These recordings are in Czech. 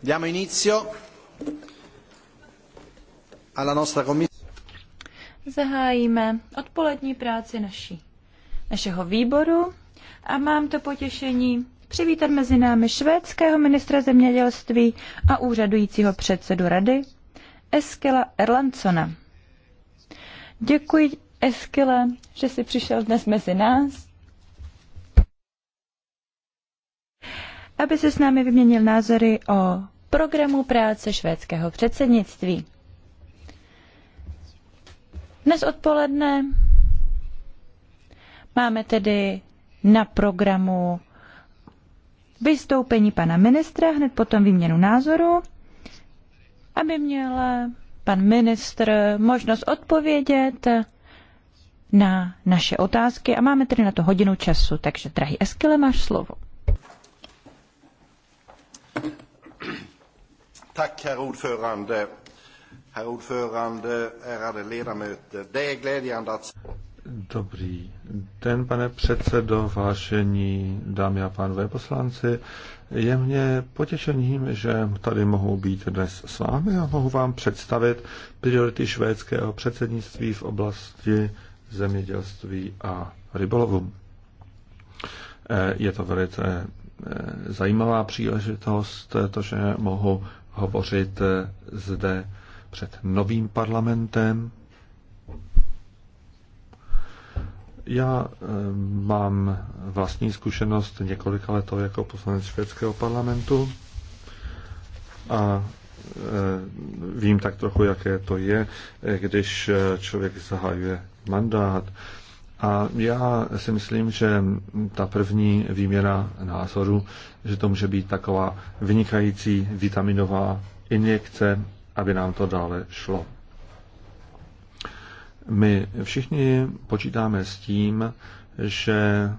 Diamo inizio alla nostra commissione. Zahájíme odpolední práci naší, našeho výboru a mám to potěšení přivítat mezi námi švédského ministra zemědělství a úřadujícího předsedu rady Eskila Erlandsona. Děkuji, Eskile, že jsi přišel dnes mezi nás aby se s námi vyměnil názory o programu práce švédského předsednictví. Dnes odpoledne máme tedy na programu vystoupení pana ministra, hned potom výměnu názoru, aby měl pan ministr možnost odpovědět na naše otázky a máme tedy na to hodinu času, takže drahý Eskile, máš slovo. Tack, herr ordförande. Herr ordförande, ärade ledamöter. Det är glädjande att... Dobrý den, pane předsedo, dámy a pánové poslanci. Je mě potěšením, že tady mohu být dnes s vámi a mohu vám představit priority švédského předsednictví v oblasti zemědělství a rybolovu. Eh, je to velice eh, zajímavá příležitost, eh, to, že mohu hovořit eh, zde před novým parlamentem. Já eh, mám vlastní zkušenost několika letov jako poslanec švédského parlamentu a eh, vím tak trochu, jaké to je, když člověk zahajuje mandát. A já si myslím, že ta první výměna názoru, že to může být taková vynikající vitaminová injekce, aby nám to dále šlo. My všichni počítáme s tím, že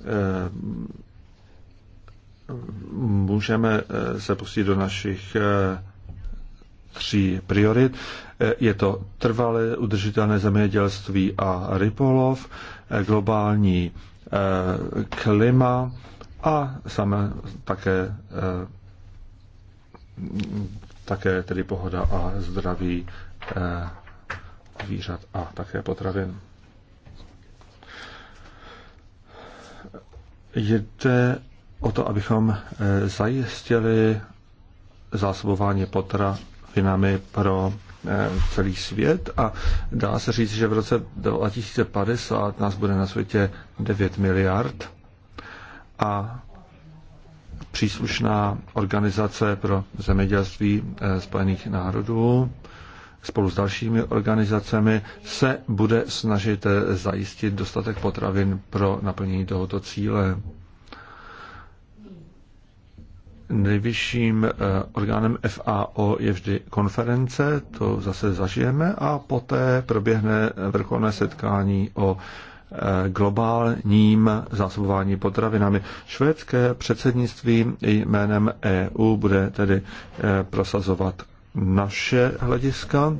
eh, můžeme eh, se pustit do našich eh, tří priorit. Eh, je to trvalé udržitelné zemědělství a rybolov, eh, globální eh, klima a samé také, také tedy pohoda a zdraví zvířat a také potravin. Jde o to, abychom zajistili zásobování potra, novinami pro eh, celý svět a dá se říct, že v roce 2050 nás bude na světě 9 miliard a příslušná organizace pro zemědělství eh, Spojených národů spolu s dalšími organizacemi se bude snažit eh, zajistit dostatek potravin pro naplnění tohoto cíle. Nejvyšším eh, orgánem FAO je vždy konference, to zase zažijeme, a poté proběhne vrcholné setkání o eh, globálním zásobování potravinami. Švédské předsednictví jménem EU bude tedy eh, prosazovat naše hlediska.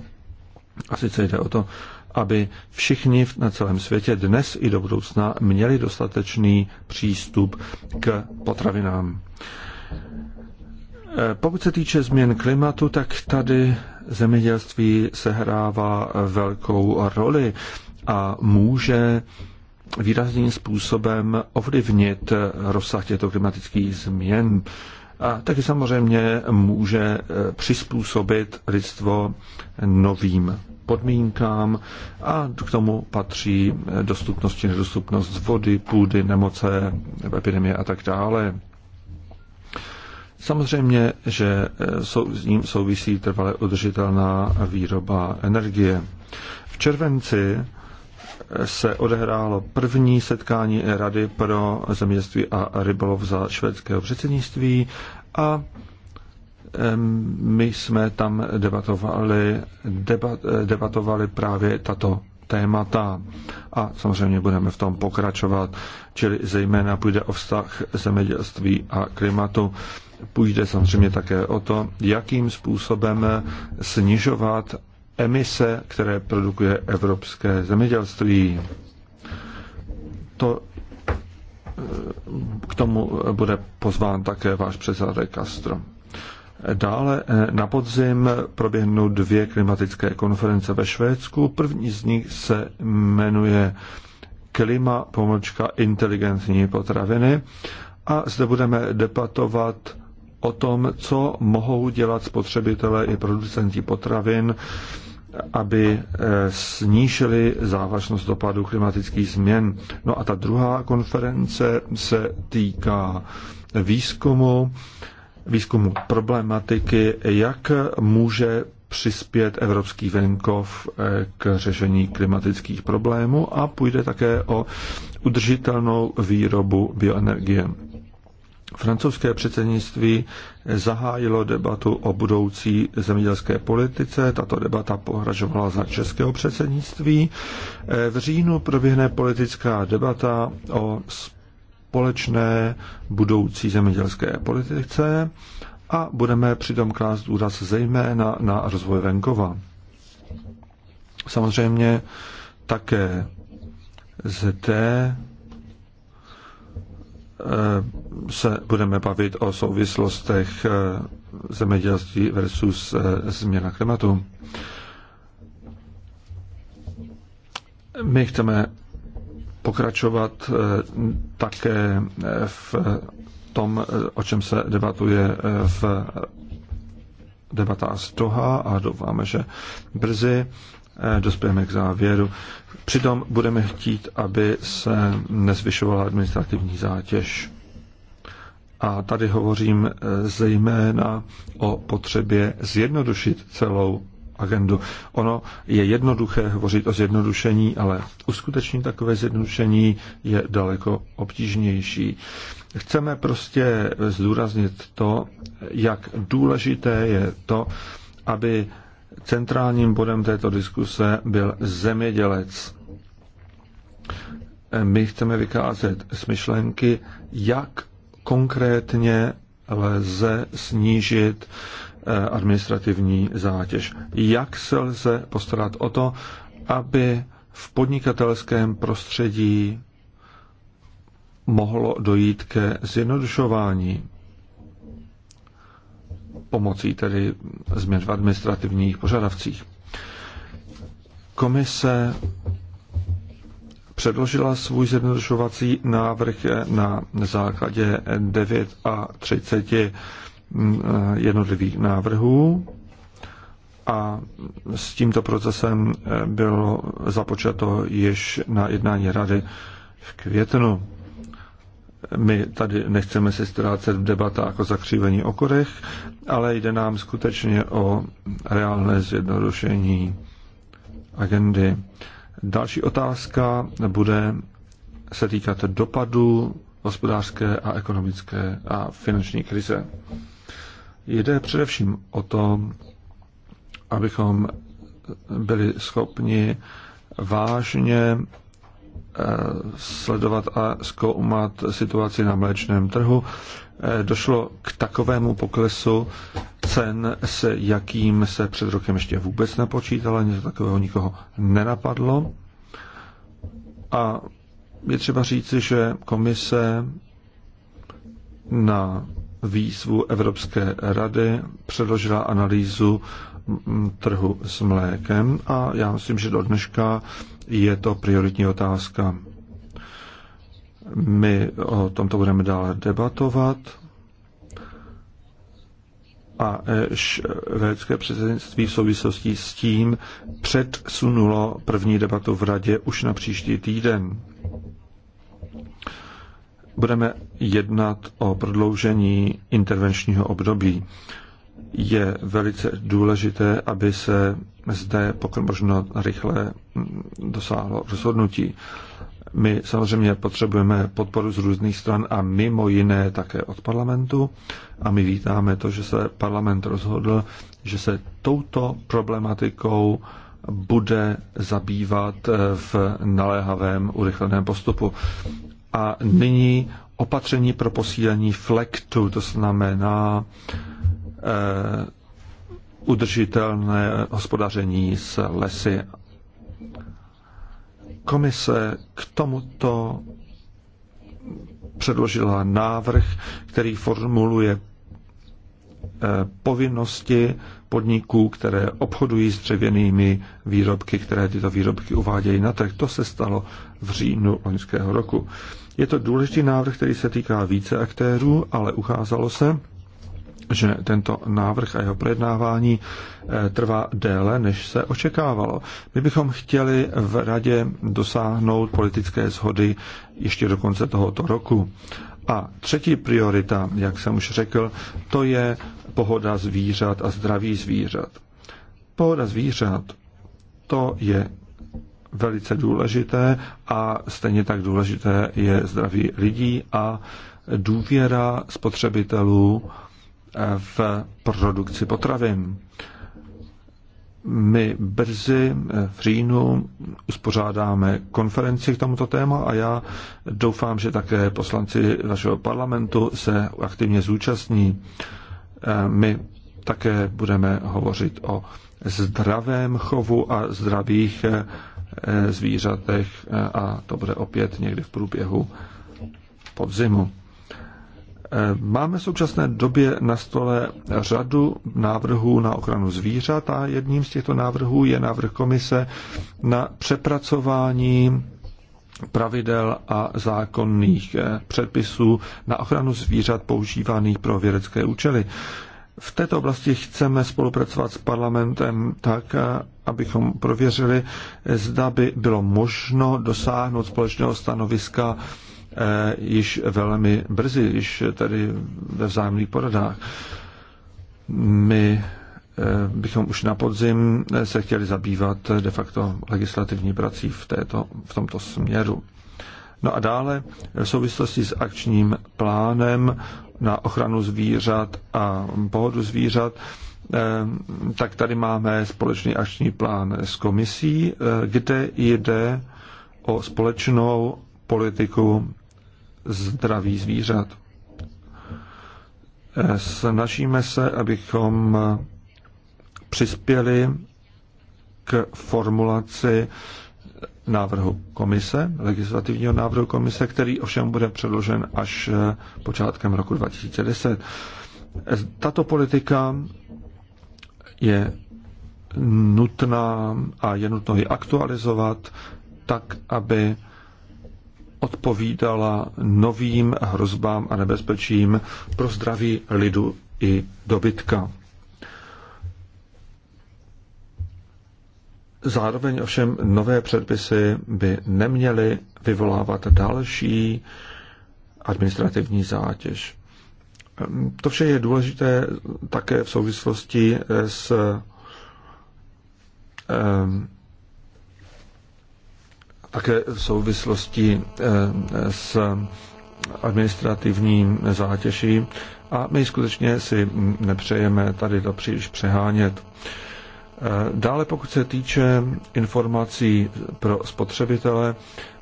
A sice jde o to, aby všichni na celém světě dnes i do budoucna měli dostatečný přístup k potravinám. Eh, pokud se týče změn klimatu, tak tady zemědělství sehrává velkou roli a může výrazným způsobem ovlivnit rozsah těchto klimatických změn. A taky samozřejmě může eh, přizpůsobit lidstvo novým podmínkám a k tomu patří eh, dostupnost či nedostupnost vody, půdy, nemoce, epidemie a tak dále. Samozřejmě, že eh, sou, s ním souvisí trvale udržitelná výroba energie. V červenci eh, se odehrálo první setkání Rady pro zemědělství a rybolov za švédského předsednictví a my jsme tam debatovali, debat, eh, debatovali právě tato témata a samozřejmě budeme v tom pokračovat, čili zejména půjde o vztah zemědělství a klimatu. Půjde samozřejmě také o to, jakým způsobem snižovat emise, které produkuje evropské zemědělství. To eh, k tomu bude pozván také váš předseda Castro. Dále eh, na podzim proběhnou dvě klimatické konference ve Švédsku. První z nich se jmenuje Klima, pomlčka, inteligentní potraviny. A zde budeme debatovat o tom, co mohou dělat spotřebitelé i producenti potravin, aby eh, snížili závažnost dopadů klimatických změn. No a ta druhá konference se týká výzkumu, výzkumu problematiky, jak může přispět evropský venkov eh, k řešení klimatických problémů a půjde také o udržitelnou výrobu bioenergie. Francouzské předsednictví zahájilo debatu o budoucí zemědělské politice. Tato debata pohražovala za českého předsednictví. V říjnu proběhne politická debata o společné budoucí zemědělské politice a budeme přitom klást úraz zejména na rozvoj venkova. Samozřejmě také zde Eh, se budeme bavit o souvislostech eh, zemědělství versus eh, změna klimatu. My chceme pokračovat také v tom, o čem se debatuje v debatách z Doha a doufáme, že brzy Eh, dospějeme k závěru. Přitom budeme chtít, aby se nezvyšovala administrativní zátěž. A tady hovořím eh, zejména o potřebě zjednodušit celou agendu. Ono je jednoduché hovořit o zjednodušení, ale uskutečnit takové zjednodušení je daleko obtížnější. Chceme prostě zdůraznit to, jak důležité je to, aby Centrálním bodem této diskuse byl zemědělec. My chceme vykázet z myšlenky, jak konkrétně lze snížit eh, administrativní zátěž. Jak se lze postarat o to, aby v podnikatelském prostředí mohlo dojít ke zjednodušování pomocí tedy změn v administrativních požadavcích. Komise předložila svůj zjednodušovací návrh na základě 9 a 30 mm, eh, jednotlivých návrhů a s tímto procesem eh, bylo započato již na jednání rady v květnu. My tady nechceme se ztrácet v debatách o zakřívení okorech, ale jde nám skutečně o reálné zjednodušení agendy. Další otázka bude se týkat dopadu hospodářské a ekonomické a finanční krize. Jde především o to, abychom byli schopni vážně sledovat a zkoumat situaci na mléčném trhu. Eh, došlo k takovému poklesu cen, s jakým se před rokem ještě vůbec nepočítalo, něco takového nikoho nenapadlo. A je třeba říci, že komise na výzvu Evropské rady, předložila analýzu trhu s mlékem a já myslím, že do dneška je to prioritní otázka. My o tomto budeme dále debatovat a švédské předsednictví v souvislosti s tím předsunulo první debatu v radě už na příští týden budeme jednat o prodloužení intervenčního období. Je velice důležité, aby se zde pokud možno rychle dosáhlo rozhodnutí. My samozřejmě potřebujeme podporu z různých stran a mimo jiné také od parlamentu a my vítáme to, že se parlament rozhodl, že se touto problematikou bude zabývat v naléhavém urychleném postupu. A nyní opatření pro posílení flektu, to znamená e, udržitelné hospodaření s lesy. Komise k tomuto předložila návrh, který formuluje eh, povinnosti podniků, které obchodují s dřevěnými výrobky, které tyto výrobky uvádějí na trh. To se stalo v říjnu loňského roku. Je to důležitý návrh, který se týká více aktérů, ale ukázalo se, že tento návrh a jeho projednávání eh, trvá déle, než se očekávalo. My bychom chtěli v radě dosáhnout politické shody ještě do konce tohoto roku. A třetí priorita, jak jsem už řekl, to je pohoda zvířat a zdraví zvířat. Pohoda zvířat to je velice důležité a stejně tak důležité je zdraví lidí a důvěra spotřebitelů eh, v produkci potravin. My brzy eh, v říjnu uspořádáme konferenci k tomuto téma a já doufám, že také poslanci našeho parlamentu se aktivně zúčastní. Eh, my také budeme hovořit o zdravém chovu a zdravých eh, eh, zvířatech a to bude opět někdy v průběhu podzimu. Máme v současné době na stole řadu návrhů na ochranu zvířat a jedním z těchto návrhů je návrh komise na přepracování pravidel a zákonných eh, předpisů na ochranu zvířat používaných pro vědecké účely. V této oblasti chceme spolupracovat s parlamentem tak, eh, abychom prověřili, eh, zda by bylo možno dosáhnout společného stanoviska již velmi brzy, již tedy ve vzájemných poradách. My Eh, bychom už na podzim eh, se chtěli zabývat eh, de facto legislativní prací v, této, v tomto směru. No a dále v souvislosti s akčním plánem na ochranu zvířat a pohodu zvířat, tak tady máme společný akční plán s komisí, kde jde o společnou politiku zdraví zvířat. Snažíme se, abychom přispěli k formulaci návrhu komise, legislativního návrhu komise, který ovšem bude předložen až eh, počátkem roku 2010. Tato politika je nutná a je nutno ji aktualizovat tak, aby odpovídala novým hrozbám a nebezpečím pro zdraví lidu i dobytka. Zároveň ovšem nové předpisy by neměly vyvolávat další administrativní zátěž. To vše je důležité také v souvislosti s ehm, také v souvislosti ehm, s administrativním zátěží a my skutečně si nepřejeme tady to příliš přehánět. Eh, dále pokud se týče informací pro spotřebitele,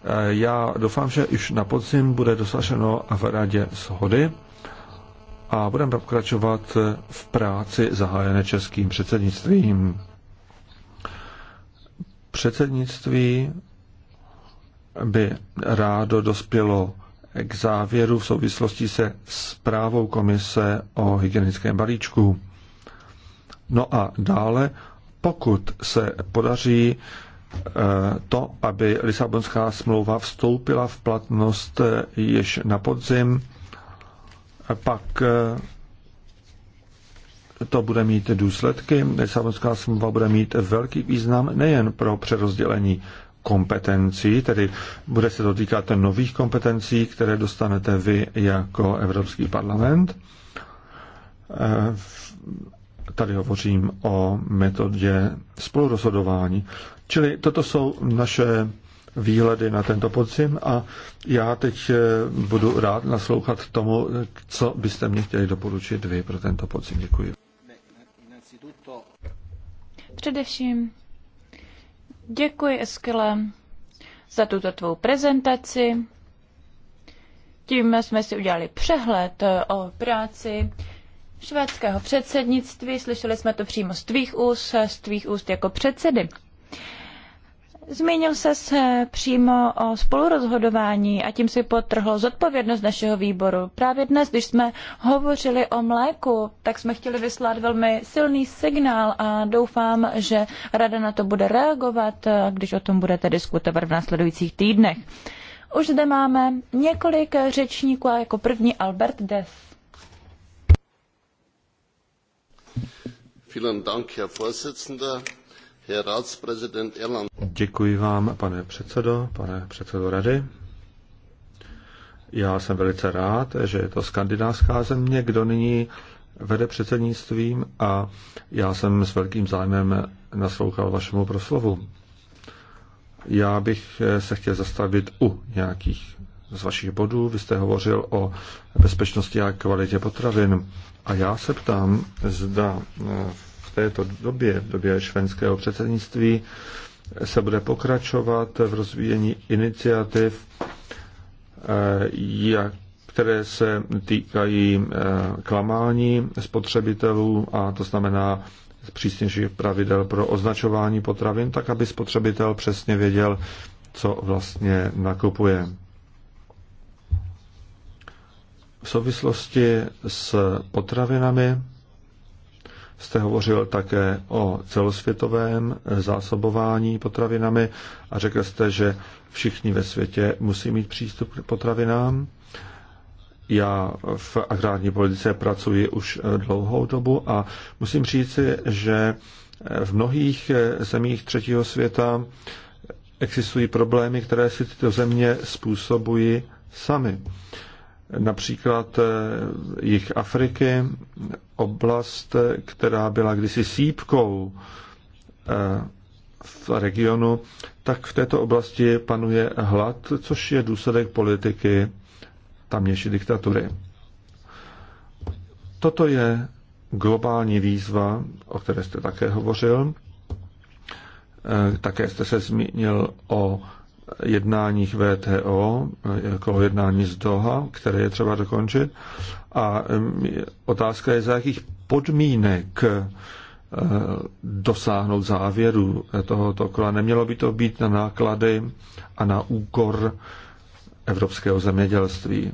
eh, já doufám, že již na podzim bude dosaženo v radě shody a budeme pokračovat eh, v práci zahájené českým předsednictvím. Předsednictví by rádo dospělo k závěru v souvislosti se zprávou komise o hygienickém balíčku. No a dále pokud se podaří eh, to, aby Lisabonská smlouva vstoupila v platnost eh, již na podzim, pak eh, to bude mít důsledky. Lisabonská smlouva bude mít velký význam nejen pro přerozdělení kompetencí, tedy bude se dotýkat nových kompetencí, které dostanete vy jako Evropský parlament, Tady hovořím o metodě spolurozhodování. Čili toto jsou naše výhledy na tento podzim a já teď eh, budu rád naslouchat tomu, co byste mě chtěli doporučit vy pro tento podzim. Děkuji. Především děkuji, Eskele, za tuto tvou prezentaci. Tím jsme si udělali přehled eh, o práci švédského předsednictví, slyšeli jsme to přímo z tvých úst, z tvých úst jako předsedy. Zmínil se, se přímo o spolurozhodování a tím si potrhl zodpovědnost našeho výboru. Právě dnes, když jsme hovořili o mléku, tak jsme chtěli vyslat velmi silný signál a doufám, že Rada na to bude reagovat, když o tom budete diskutovat v následujících týdnech. Už zde máme několik řečníků a jako první Albert Dess. Děkuji vám, pane předsedo, pane předsedo rady. Já jsem velice rád, že je to skandinávská země, kdo nyní vede předsednictvím a já jsem s velkým zájmem naslouchal vašemu proslovu. Já bych se chtěl zastavit u nějakých z vašich bodů. Vy jste hovořil o bezpečnosti a kvalitě potravin. A já se ptám, zda v eh, této době, v době švenského předsednictví, se bude pokračovat v rozvíjení iniciativ, eh, které se týkají eh, klamání spotřebitelů, a to znamená přísnějších pravidel pro označování potravin, tak aby spotřebitel přesně věděl, co vlastně nakupuje. V souvislosti s potravinami jste hovořil také o celosvětovém zásobování potravinami a řekl jste, že všichni ve světě musí mít přístup k potravinám. Já v agrární politice pracuji už dlouhou dobu a musím říci, že v mnohých zemích třetího světa existují problémy, které si tyto země způsobují sami například eh, jich Afriky, oblast, eh, která byla kdysi sípkou eh, v regionu, tak v této oblasti panuje hlad, což je důsledek politiky tamnější diktatury. Toto je globální výzva, o které jste také hovořil. Také jste se zmínil o jednáních VTO, jako jednání z Doha, které je třeba dokončit. A otázka je, za jakých podmínek eh, dosáhnout závěru tohoto kola. Nemělo by to být na náklady a na úkor evropského zemědělství.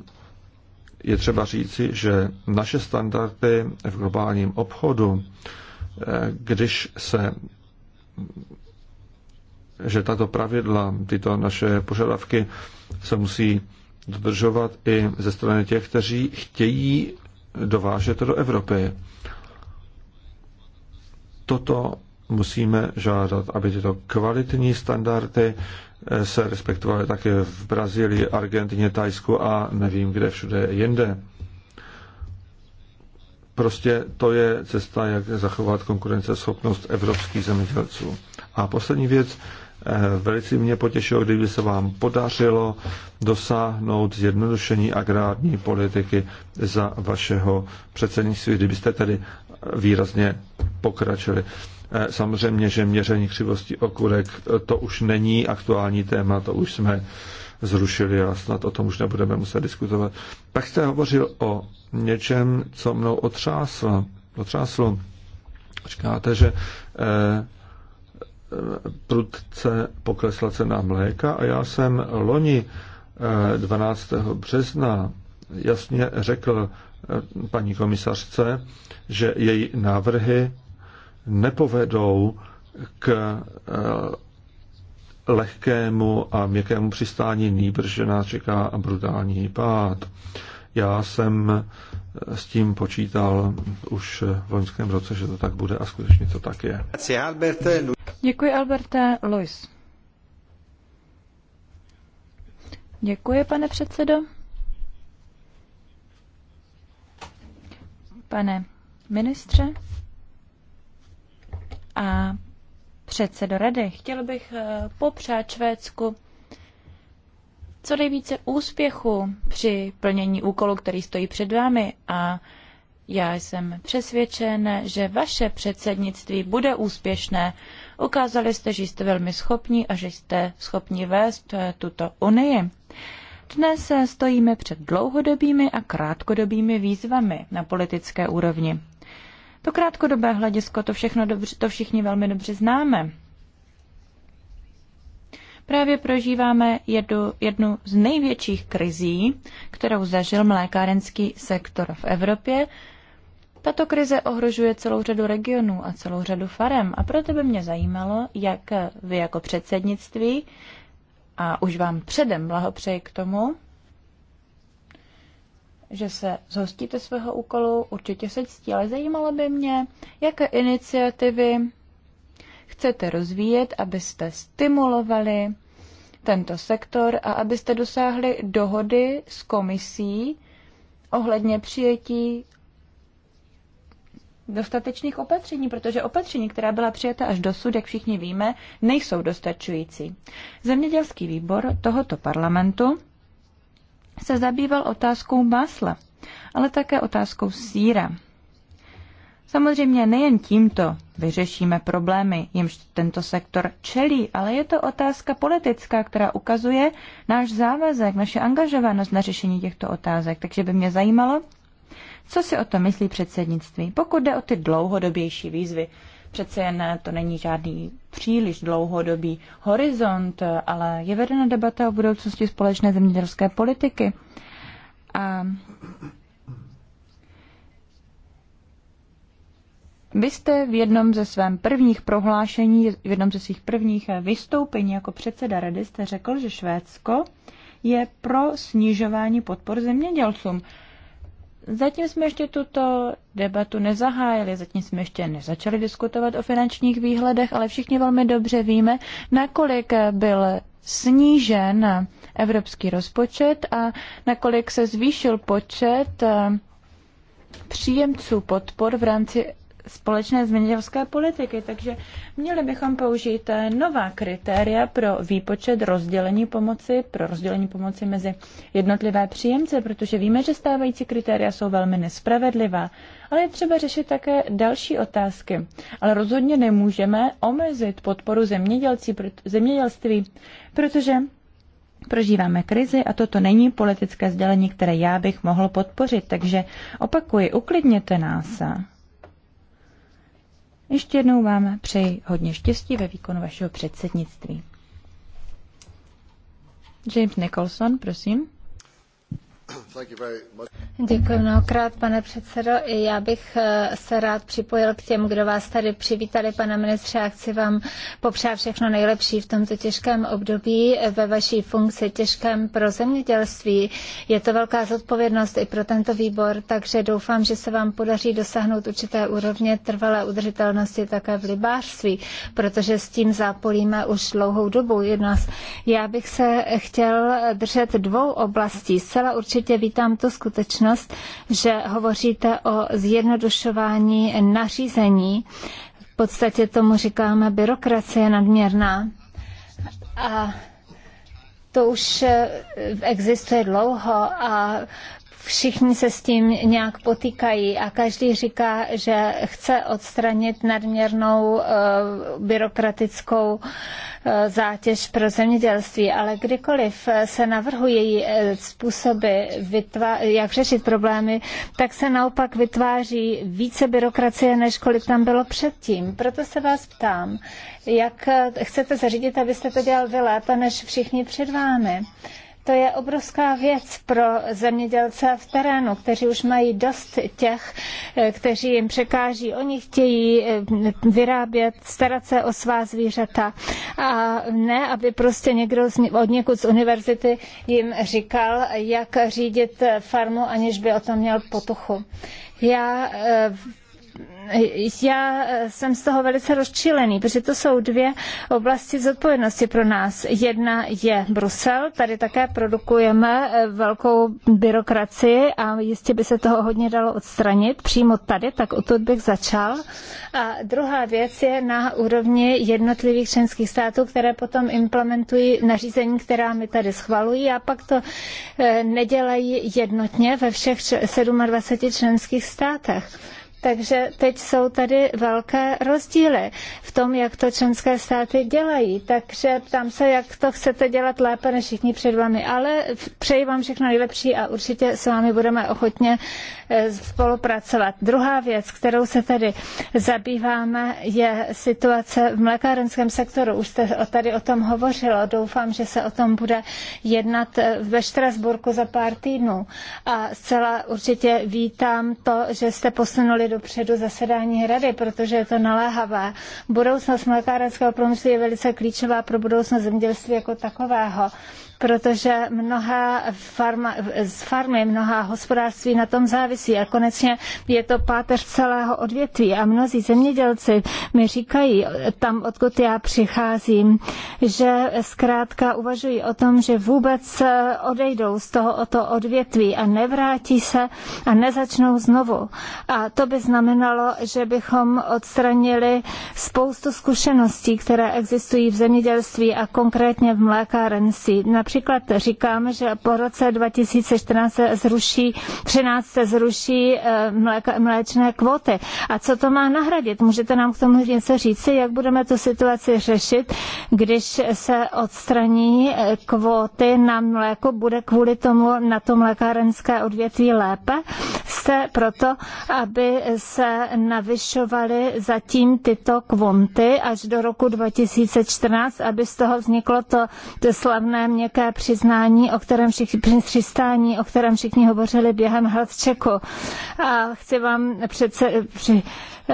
Je třeba říci, že naše standardy v globálním obchodu, eh, když se že tato pravidla, tyto naše požadavky se musí dodržovat i ze strany těch, kteří chtějí dovážet do Evropy. Toto musíme žádat, aby tyto kvalitní standardy se respektovaly také v Brazílii, Argentině, Tajsku a nevím kde všude jinde. Prostě to je cesta, jak zachovat konkurenceschopnost evropských zemědělců. A poslední věc, Eh, velice mě potěšilo, kdyby se vám podařilo dosáhnout zjednodušení agrární politiky za vašeho předsednictví, kdybyste tedy výrazně pokračili. Eh, samozřejmě, že měření křivosti okurek eh, to už není aktuální téma, to už jsme zrušili a snad o tom už nebudeme muset diskutovat. Pak jste hovořil o něčem, co mnou otřáslo. otřáslo. Říkáte, že eh, prudce poklesla cena mléka a já jsem loni 12. Eh, března jasně řekl eh, paní komisařce, že její návrhy nepovedou k eh, lehkému a měkkému přistání, nýbrž že nás čeká brutální pád. Já jsem eh, s tím počítal už eh, v loňském roce, že to tak bude a skutečně to tak je. Děkuji, Alberte. Luis. Děkuji, pane předsedo. Pane ministře a předsedo rady, chtěl bych eh, popřát Švédsku co nejvíce úspěchu při plnění úkolu, který stojí před vámi a já jsem přesvědčen, že vaše předsednictví bude úspěšné. Ukázali jste, že jste velmi schopní a že jste schopni vést eh, tuto unii. Dnes eh, stojíme před dlouhodobými a krátkodobými výzvami na politické úrovni. To krátkodobé hledisko, to, všechno dobře, to všichni velmi dobře známe. Právě prožíváme jednu, jednu z největších krizí, kterou zažil mlékárenský sektor v Evropě. Tato krize ohrožuje celou řadu regionů a celou řadu farem a proto by mě zajímalo, jak vy jako předsednictví, a už vám předem blahopřeji k tomu, že se zhostíte svého úkolu, určitě se ctí, ale zajímalo by mě, jaké iniciativy chcete rozvíjet, abyste stimulovali tento sektor a abyste dosáhli dohody s komisí ohledně přijetí dostatečných opatření, protože opatření, která byla přijata až dosud, jak všichni víme, nejsou dostačující. Zemědělský výbor tohoto parlamentu se zabýval otázkou másla, ale také otázkou síra. Samozřejmě nejen tímto vyřešíme problémy, jimž tento sektor čelí, ale je to otázka politická, která ukazuje náš závazek, naše angažovanost na řešení těchto otázek. Takže by mě zajímalo, co si o to myslí předsednictví, pokud jde o ty dlouhodobější výzvy. Přece jen eh, to není žádný příliš dlouhodobý horizont, eh, ale je vedena debata o budoucnosti společné zemědělské politiky. A Vy jste v jednom ze svém prvních prohlášení, v jednom ze svých prvních eh, vystoupení jako předseda rady jste řekl, že Švédsko je pro snižování podpor zemědělcům. Zatím jsme ještě tuto debatu nezahájili, zatím jsme ještě nezačali diskutovat o finančních výhledech, ale všichni velmi dobře víme, nakolik eh, byl snížen eh, evropský rozpočet a nakolik se zvýšil počet příjemců podpor v rámci společné zemědělské politiky, takže měli bychom použít eh, nová kritéria pro výpočet rozdělení pomoci, pro rozdělení pomoci mezi jednotlivé příjemce, protože víme, že stávající kritéria jsou velmi nespravedlivá, ale je třeba řešit také další otázky. Ale rozhodně nemůžeme omezit podporu zemědělství, protože Prožíváme krizi a toto není politické sdělení, které já bych mohl podpořit, takže opakuji, uklidněte nás. Ještě jednou vám přeji hodně štěstí ve výkonu vašeho předsednictví. James Nicholson, prosím. Děkuji mnohokrát, pane předsedo. I já bych eh, se rád připojil k těm, kdo vás tady přivítali, pane ministře, a chci vám popřát všechno nejlepší v tomto těžkém období eh, ve vaší funkci, těžkém pro zemědělství. Je to velká zodpovědnost i pro tento výbor, takže doufám, že se vám podaří dosáhnout určité úrovně trvalé udržitelnosti také v libářství, protože s tím zápolíme už dlouhou dobu. Jedná. Já bych se chtěl držet dvou oblastí. Zcela určitě Určitě vítám tu skutečnost, že hovoříte o zjednodušování nařízení. V podstatě tomu říkáme byrokracie nadměrná. A to už eh, existuje dlouho a všichni se s tím nějak potýkají a každý říká, že chce odstranit nadměrnou eh, byrokratickou eh, zátěž pro zemědělství, ale kdykoliv eh, se navrhují způsoby, jak řešit problémy, tak se naopak vytváří více byrokracie, než kolik tam bylo předtím. Proto se vás ptám, jak chcete zařídit, abyste to dělal vy lépe než všichni před vámi. To je obrovská věc pro zemědělce v terénu, kteří už mají dost těch, eh, kteří jim překáží. Oni chtějí eh, vyrábět, starat se o svá zvířata a ne, aby prostě někdo od někud z univerzity jim říkal, jak řídit farmu, aniž by o tom měl potuchu. Já eh, já eh, jsem z toho velice rozčilený, protože to jsou dvě oblasti zodpovědnosti pro nás. Jedna je Brusel, tady také produkujeme eh, velkou byrokracii a jistě by se toho hodně dalo odstranit přímo tady, tak odtud bych začal. A druhá věc je na úrovni jednotlivých členských států, které potom implementují nařízení, která my tady schvalují a pak to eh, nedělají jednotně ve všech 27 členských státech. Takže teď jsou tady velké rozdíly v tom, jak to členské státy dělají. Takže ptám se, jak to chcete dělat lépe než všichni před vámi. Ale přeji vám všechno nejlepší a určitě s vámi budeme ochotně eh, spolupracovat. Druhá věc, kterou se tady zabýváme, je situace v mlékárenském sektoru. Už jste tady o tom hovořilo. Doufám, že se o tom bude jednat eh, ve Štrasburku za pár týdnů. A zcela určitě vítám to, že jste posunuli dopředu zasedání rady, protože je to naléhavé. Budoucnost mlékárenského průmyslu je velice klíčová pro budoucnost zemědělství jako takového protože mnoha farma, z farmy, mnoha hospodářství na tom závisí a konečně je to páteř celého odvětví a mnozí zemědělci mi říkají tam, odkud já přicházím, že zkrátka uvažují o tom, že vůbec eh, odejdou z toho o to odvětví a nevrátí se a nezačnou znovu. A to by znamenalo, že bychom odstranili spoustu zkušeností, které existují v zemědělství a konkrétně v mlékárenství. Například Například říkáme, že po roce 2014 se zruší, 13 se zruší eh, mléka, mléčné kvóty. A co to má nahradit? Můžete nám k tomu něco říci, jak budeme tu situaci řešit, když se odstraní eh, kvóty na mléko, bude kvůli tomu na to mlékárenské odvětví lépe? Jste proto, aby se navyšovaly zatím tyto kvonty až do roku 2014, aby z toho vzniklo to, to slavné měkké politické přiznání, o kterém všichni, přistání, o kterém všichni hovořili během health checku. A chci vám přece, při,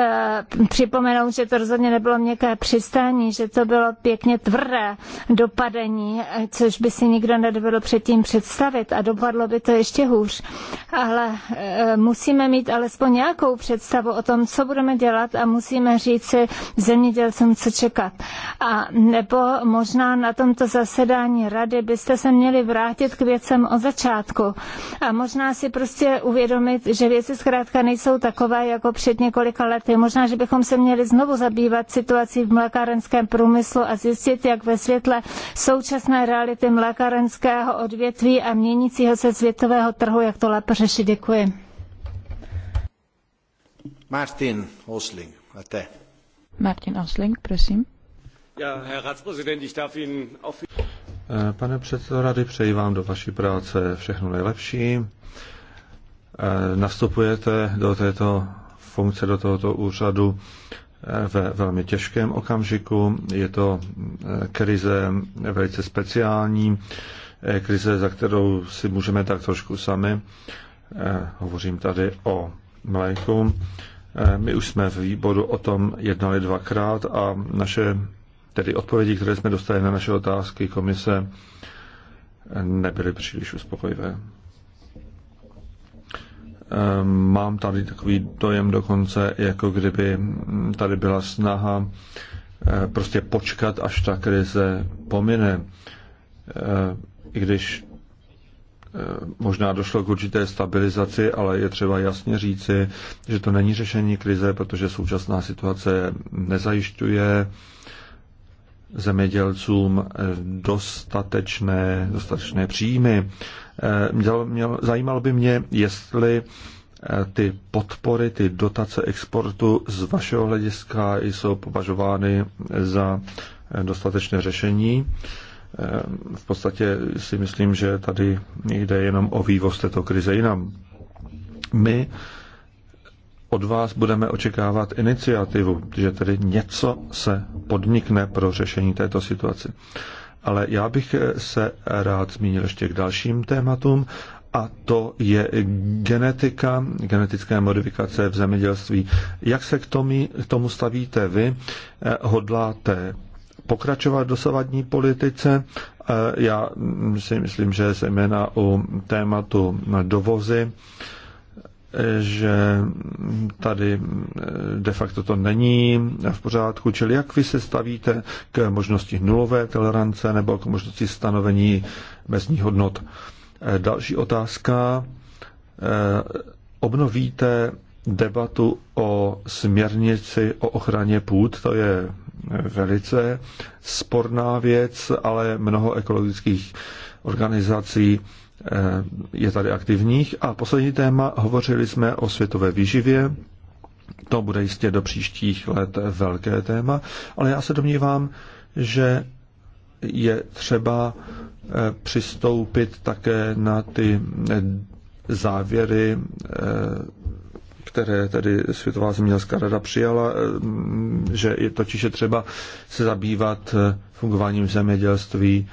Eh, připomenout, že to rozhodně nebylo měkké přistání, že to bylo pěkně tvrdé dopadení, eh, což by si nikdo nedovedl předtím představit a dopadlo by to ještě hůř. Ale eh, musíme mít alespoň nějakou představu o tom, co budeme dělat a musíme říci zemědělcům, co čekat. A nebo možná na tomto zasedání rady byste se měli vrátit k věcem od začátku a možná si prostě uvědomit, že věci zkrátka nejsou takové jako před několika lety je Možná, že bychom se měli znovu zabývat situací v mlékárenském průmyslu a zjistit, jak ve světle současné reality mlékárenského odvětví a měnícího se světového trhu, jak to lépe řešit. Děkuji. Martin Osling, a te. Martin Osling, prosím. Eh, pane předsedo rady, přeji vám do vaší práce všechno nejlepší. Eh, nastupujete do této funkce do tohoto úřadu eh, ve velmi těžkém okamžiku. Je to eh, krize velice speciální, eh, krize, za kterou si můžeme tak trošku sami. Hovořím tady o mléku. My už jsme v výboru o tom jednali dvakrát a naše, tedy odpovědi, které jsme dostali na naše otázky komise, nebyly příliš uspokojivé. Ehm, mám tady takový dojem dokonce, jako kdyby hm, tady byla snaha eh, prostě počkat, až ta krize pomine. Eh, I když eh, možná došlo k určité stabilizaci, ale je třeba jasně říci, že to není řešení krize, protože současná situace nezajišťuje zemědělcům dostatečné, dostatečné příjmy. Eh, měl, měl, zajímalo by mě, jestli eh, ty podpory, ty dotace exportu z vašeho hlediska jsou považovány za eh, dostatečné řešení. V podstatě si myslím, že tady jde jenom o vývoz této krize jinam. My od vás budeme očekávat iniciativu, že tedy něco se podnikne pro řešení této situace. Ale já bych se rád zmínil ještě k dalším tématům a to je genetika, genetické modifikace v zemědělství. Jak se k tomu, k tomu stavíte vy? Eh, hodláte pokračovat v dosavadní politice? Eh, já si myslím, že zejména u tématu dovozy že tady eh, de facto to není v pořádku, čili jak vy se stavíte k možnosti nulové tolerance nebo k možnosti stanovení mezních hodnot. Eh, další otázka. Eh, obnovíte debatu o směrnici o ochraně půd, to je velice sporná věc, ale mnoho ekologických organizací Eh, je tady aktivních. A poslední téma, hovořili jsme o světové výživě. To bude jistě do příštích let velké téma, ale já se domnívám, že je třeba eh, přistoupit také na ty eh, závěry, které tedy Světová zemědělská rada přijala, že je totiž je třeba se zabývat fungováním zemědělství,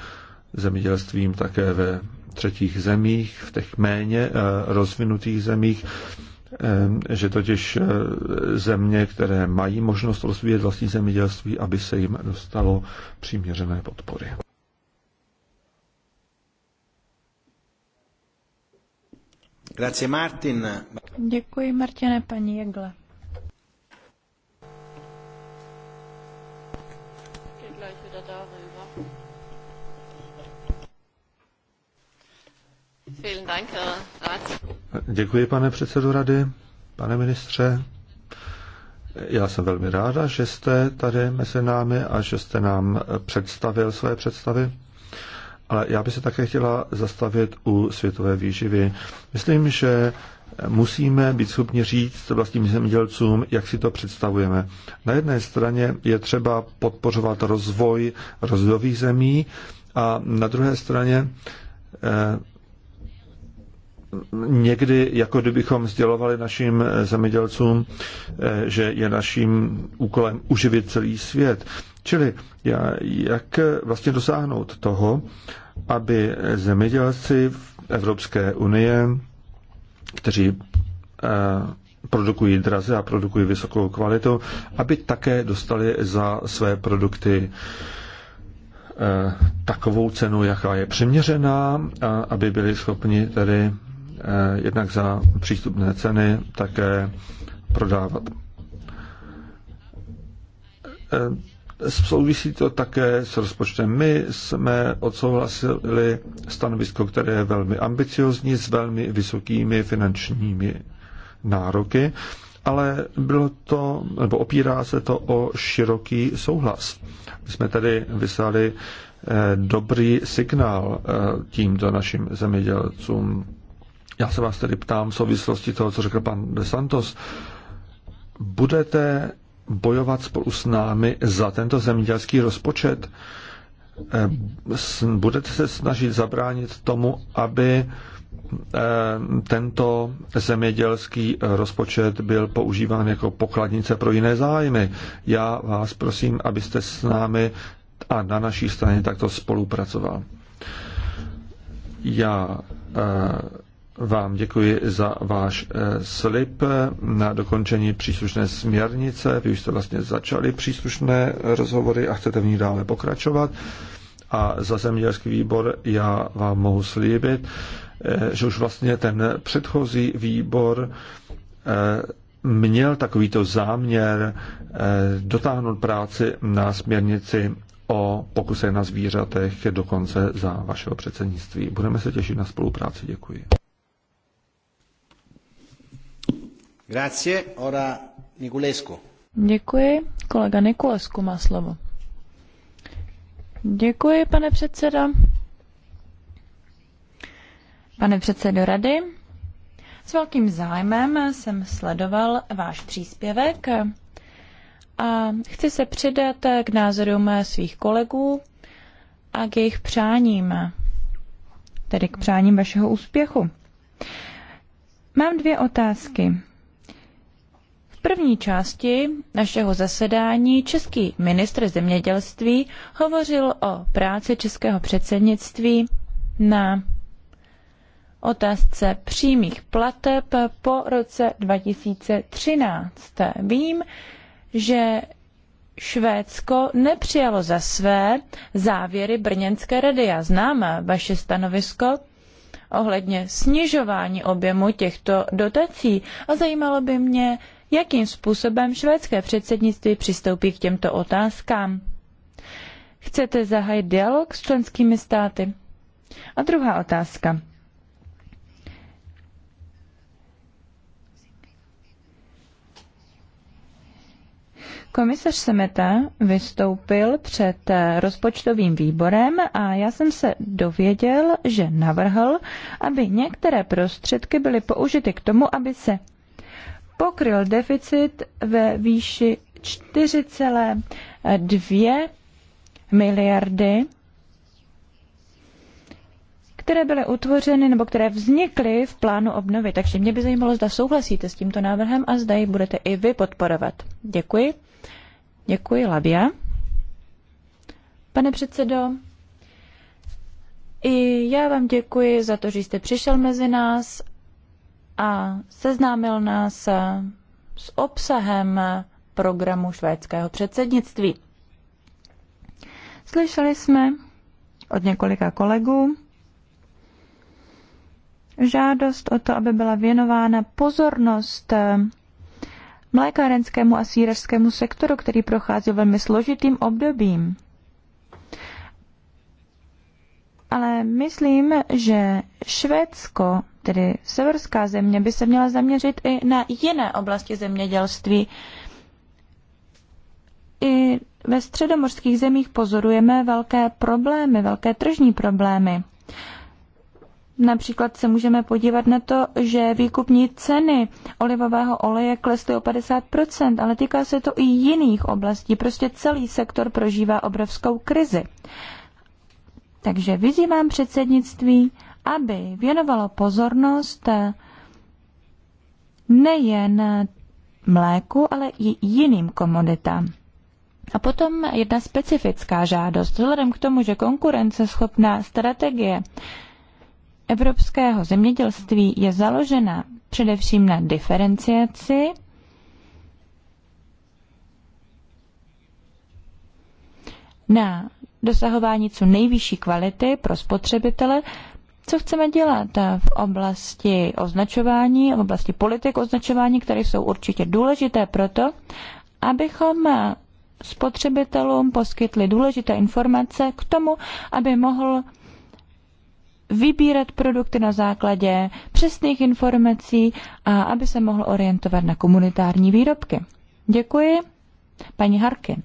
zemědělstvím také ve třetích zemích, v těch méně eh, rozvinutých zemích, eh, že totiž eh, země, které mají možnost rozvíjet vlastní zemědělství, aby se jim dostalo přiměřené podpory. Děkuji, Martine, paní Jegle. Děkuji, pane předsedu rady, pane ministře. Já jsem velmi ráda, že jste tady mezi námi a že jste nám představil své představy. Ale já bych se také chtěla zastavit u světové výživy. Myslím, že musíme být schopni říct vlastním zemědělcům, jak si to představujeme. Na jedné straně je třeba podpořovat rozvoj rozvojových zemí a na druhé straně eh, někdy, jako kdybychom sdělovali našim eh, zemědělcům, eh, že je naším úkolem uživit celý svět. Čili jak eh, vlastně dosáhnout toho, aby zemědělci v Evropské unie, kteří produkují draze a produkují vysokou kvalitu, aby také dostali za své produkty takovou cenu, jaká je přiměřená, aby byli schopni tedy Eh, jednak za přístupné ceny také prodávat. Eh, souvisí to také s rozpočtem. My jsme odsouhlasili stanovisko, které je velmi ambiciozní, s velmi vysokými finančními nároky, ale bylo to, nebo opírá se to o široký souhlas. My jsme tady vyslali eh, dobrý signál tímto našim zemědělcům. Já se vás tedy ptám v souvislosti toho, co řekl pan De Santos. Budete bojovat spolu s námi za tento zemědělský rozpočet? Eh, budete se snažit zabránit tomu, aby eh, tento zemědělský rozpočet byl používán jako pokladnice pro jiné zájmy. Já vás prosím, abyste s námi a na naší straně takto spolupracoval. Já eh, vám děkuji za váš eh, slib na dokončení příslušné směrnice. Vy už jste vlastně začali příslušné rozhovory a chcete v ní dále pokračovat. A za zemědělský výbor já vám mohu slíbit, eh, že už vlastně ten předchozí výbor eh, měl takovýto záměr dotáhnout práci na směrnici o pokusech na zvířatech do konce za vašeho předsednictví. Budeme se těšit na spolupráci. Děkuji. Grazie, ora Niculescu. Děkuji. Kolega Nikulesku má slovo. Děkuji, pane předseda. Pane předsedo rady, s velkým zájmem jsem sledoval váš příspěvek a chci se přidat k názorům svých kolegů a k jejich přáním, tedy k přáním vašeho úspěchu. Mám dvě otázky první části našeho zasedání český ministr zemědělství hovořil o práci českého předsednictví na otázce přímých plateb po roce 2013. Vím, že Švédsko nepřijalo za své závěry Brněnské rady. Já znám vaše stanovisko ohledně snižování objemu těchto dotací a zajímalo by mě, jakým způsobem švédské předsednictví přistoupí k těmto otázkám. Chcete zahájit dialog s členskými státy? A druhá otázka. Komisař Semeta vystoupil před rozpočtovým výborem a já jsem se dověděl, že navrhl, aby některé prostředky byly použity k tomu, aby se pokryl deficit ve výši 4,2 miliardy, které byly utvořeny nebo které vznikly v plánu obnovy. Takže mě by zajímalo, zda souhlasíte s tímto návrhem a zda ji budete i vy podporovat. Děkuji. Děkuji, Labia. Pane předsedo, i já vám děkuji za to, že jste přišel mezi nás a seznámil nás s obsahem programu švédského předsednictví. Slyšeli jsme od několika kolegů žádost o to, aby byla věnována pozornost mlékárenskému a sírařskému sektoru, který prochází velmi složitým obdobím. Ale myslím, že Švédsko tedy severská země, by se měla zaměřit i na jiné oblasti zemědělství. I ve středomorských zemích pozorujeme velké problémy, velké tržní problémy. Například se můžeme podívat na to, že výkupní ceny olivového oleje klesly o 50%, ale týká se to i jiných oblastí. Prostě celý sektor prožívá obrovskou krizi. Takže vyzývám předsednictví, aby věnovalo pozornost eh, nejen mléku, ale i jiným komoditám. A potom jedna specifická žádost. Vzhledem k tomu, že konkurenceschopná strategie evropského zemědělství je založena především na diferenciaci, na dosahování co nejvyšší kvality pro spotřebitele, co chceme dělat v oblasti označování, v oblasti politik označování, které jsou určitě důležité proto, abychom spotřebitelům poskytli důležité informace k tomu, aby mohl vybírat produkty na základě přesných informací a aby se mohl orientovat na komunitární výrobky. Děkuji, paní Harkin.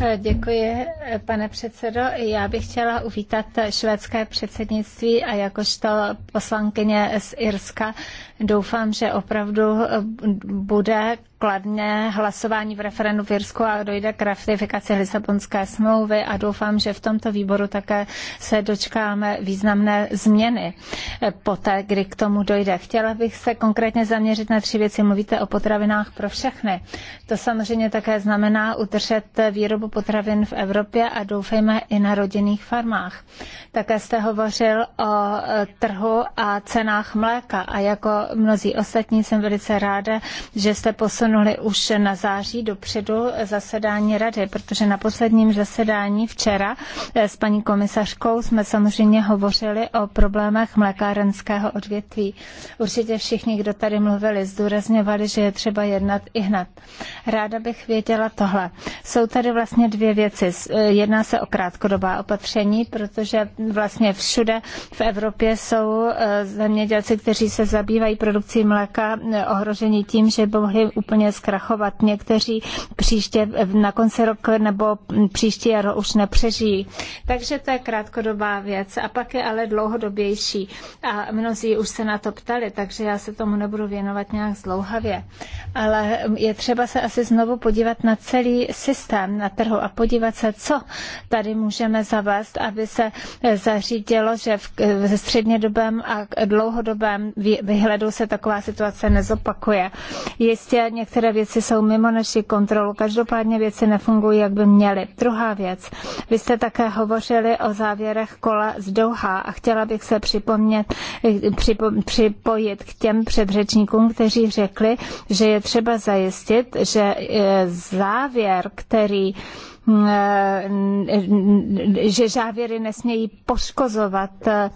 Eh, děkuji, eh, pane předsedo. Já bych chtěla uvítat švédské předsednictví a jakožto poslankyně z Irska doufám, že opravdu eh, bude kladné hlasování v referendu v Jirsku a dojde k ratifikaci Lisabonské smlouvy a doufám, že v tomto výboru také se dočkáme významné změny eh, poté, kdy k tomu dojde. Chtěla bych se konkrétně zaměřit na tři věci. Mluvíte o potravinách pro všechny. To samozřejmě také znamená udržet výrobu potravin v Evropě a doufejme i na rodinných farmách. Také jste hovořil o eh, trhu a cenách mléka a jako mnozí ostatní jsem velice ráda, že jste posunul plánuli už na září dopředu zasedání rady, protože na posledním zasedání včera eh, s paní komisařkou jsme samozřejmě hovořili o problémech mlékárenského odvětví. Určitě všichni, kdo tady mluvili, zdůrazňovali, že je třeba jednat i hned. Ráda bych věděla tohle. Jsou tady vlastně dvě věci. Eh, jedná se o krátkodobá opatření, protože vlastně všude v Evropě jsou eh, zemědělci, kteří se zabývají produkcí mléka ohroženi tím, že by mohli úplně pravděpodobně zkrachovat. Někteří příště na konci roku nebo příští jaro už nepřežijí. Takže to je krátkodobá věc a pak je ale dlouhodobější. A mnozí už se na to ptali, takže já se tomu nebudu věnovat nějak zlouhavě, Ale je třeba se asi znovu podívat na celý systém na trhu a podívat se, co tady můžeme zavést, aby se zařídilo, že v, ve střednědobém a dlouhodobém výhledu se taková situace nezopakuje. Jistě některé věci jsou mimo naši kontrolu. Každopádně věci nefungují, jak by měly. Druhá věc. Vy jste také hovořili o závěrech kola z Doha a chtěla bych se připomnět, připo, připojit k těm předřečníkům, kteří řekli, že je třeba zajistit, že e, závěr, který e, že závěry nesmějí poškozovat e,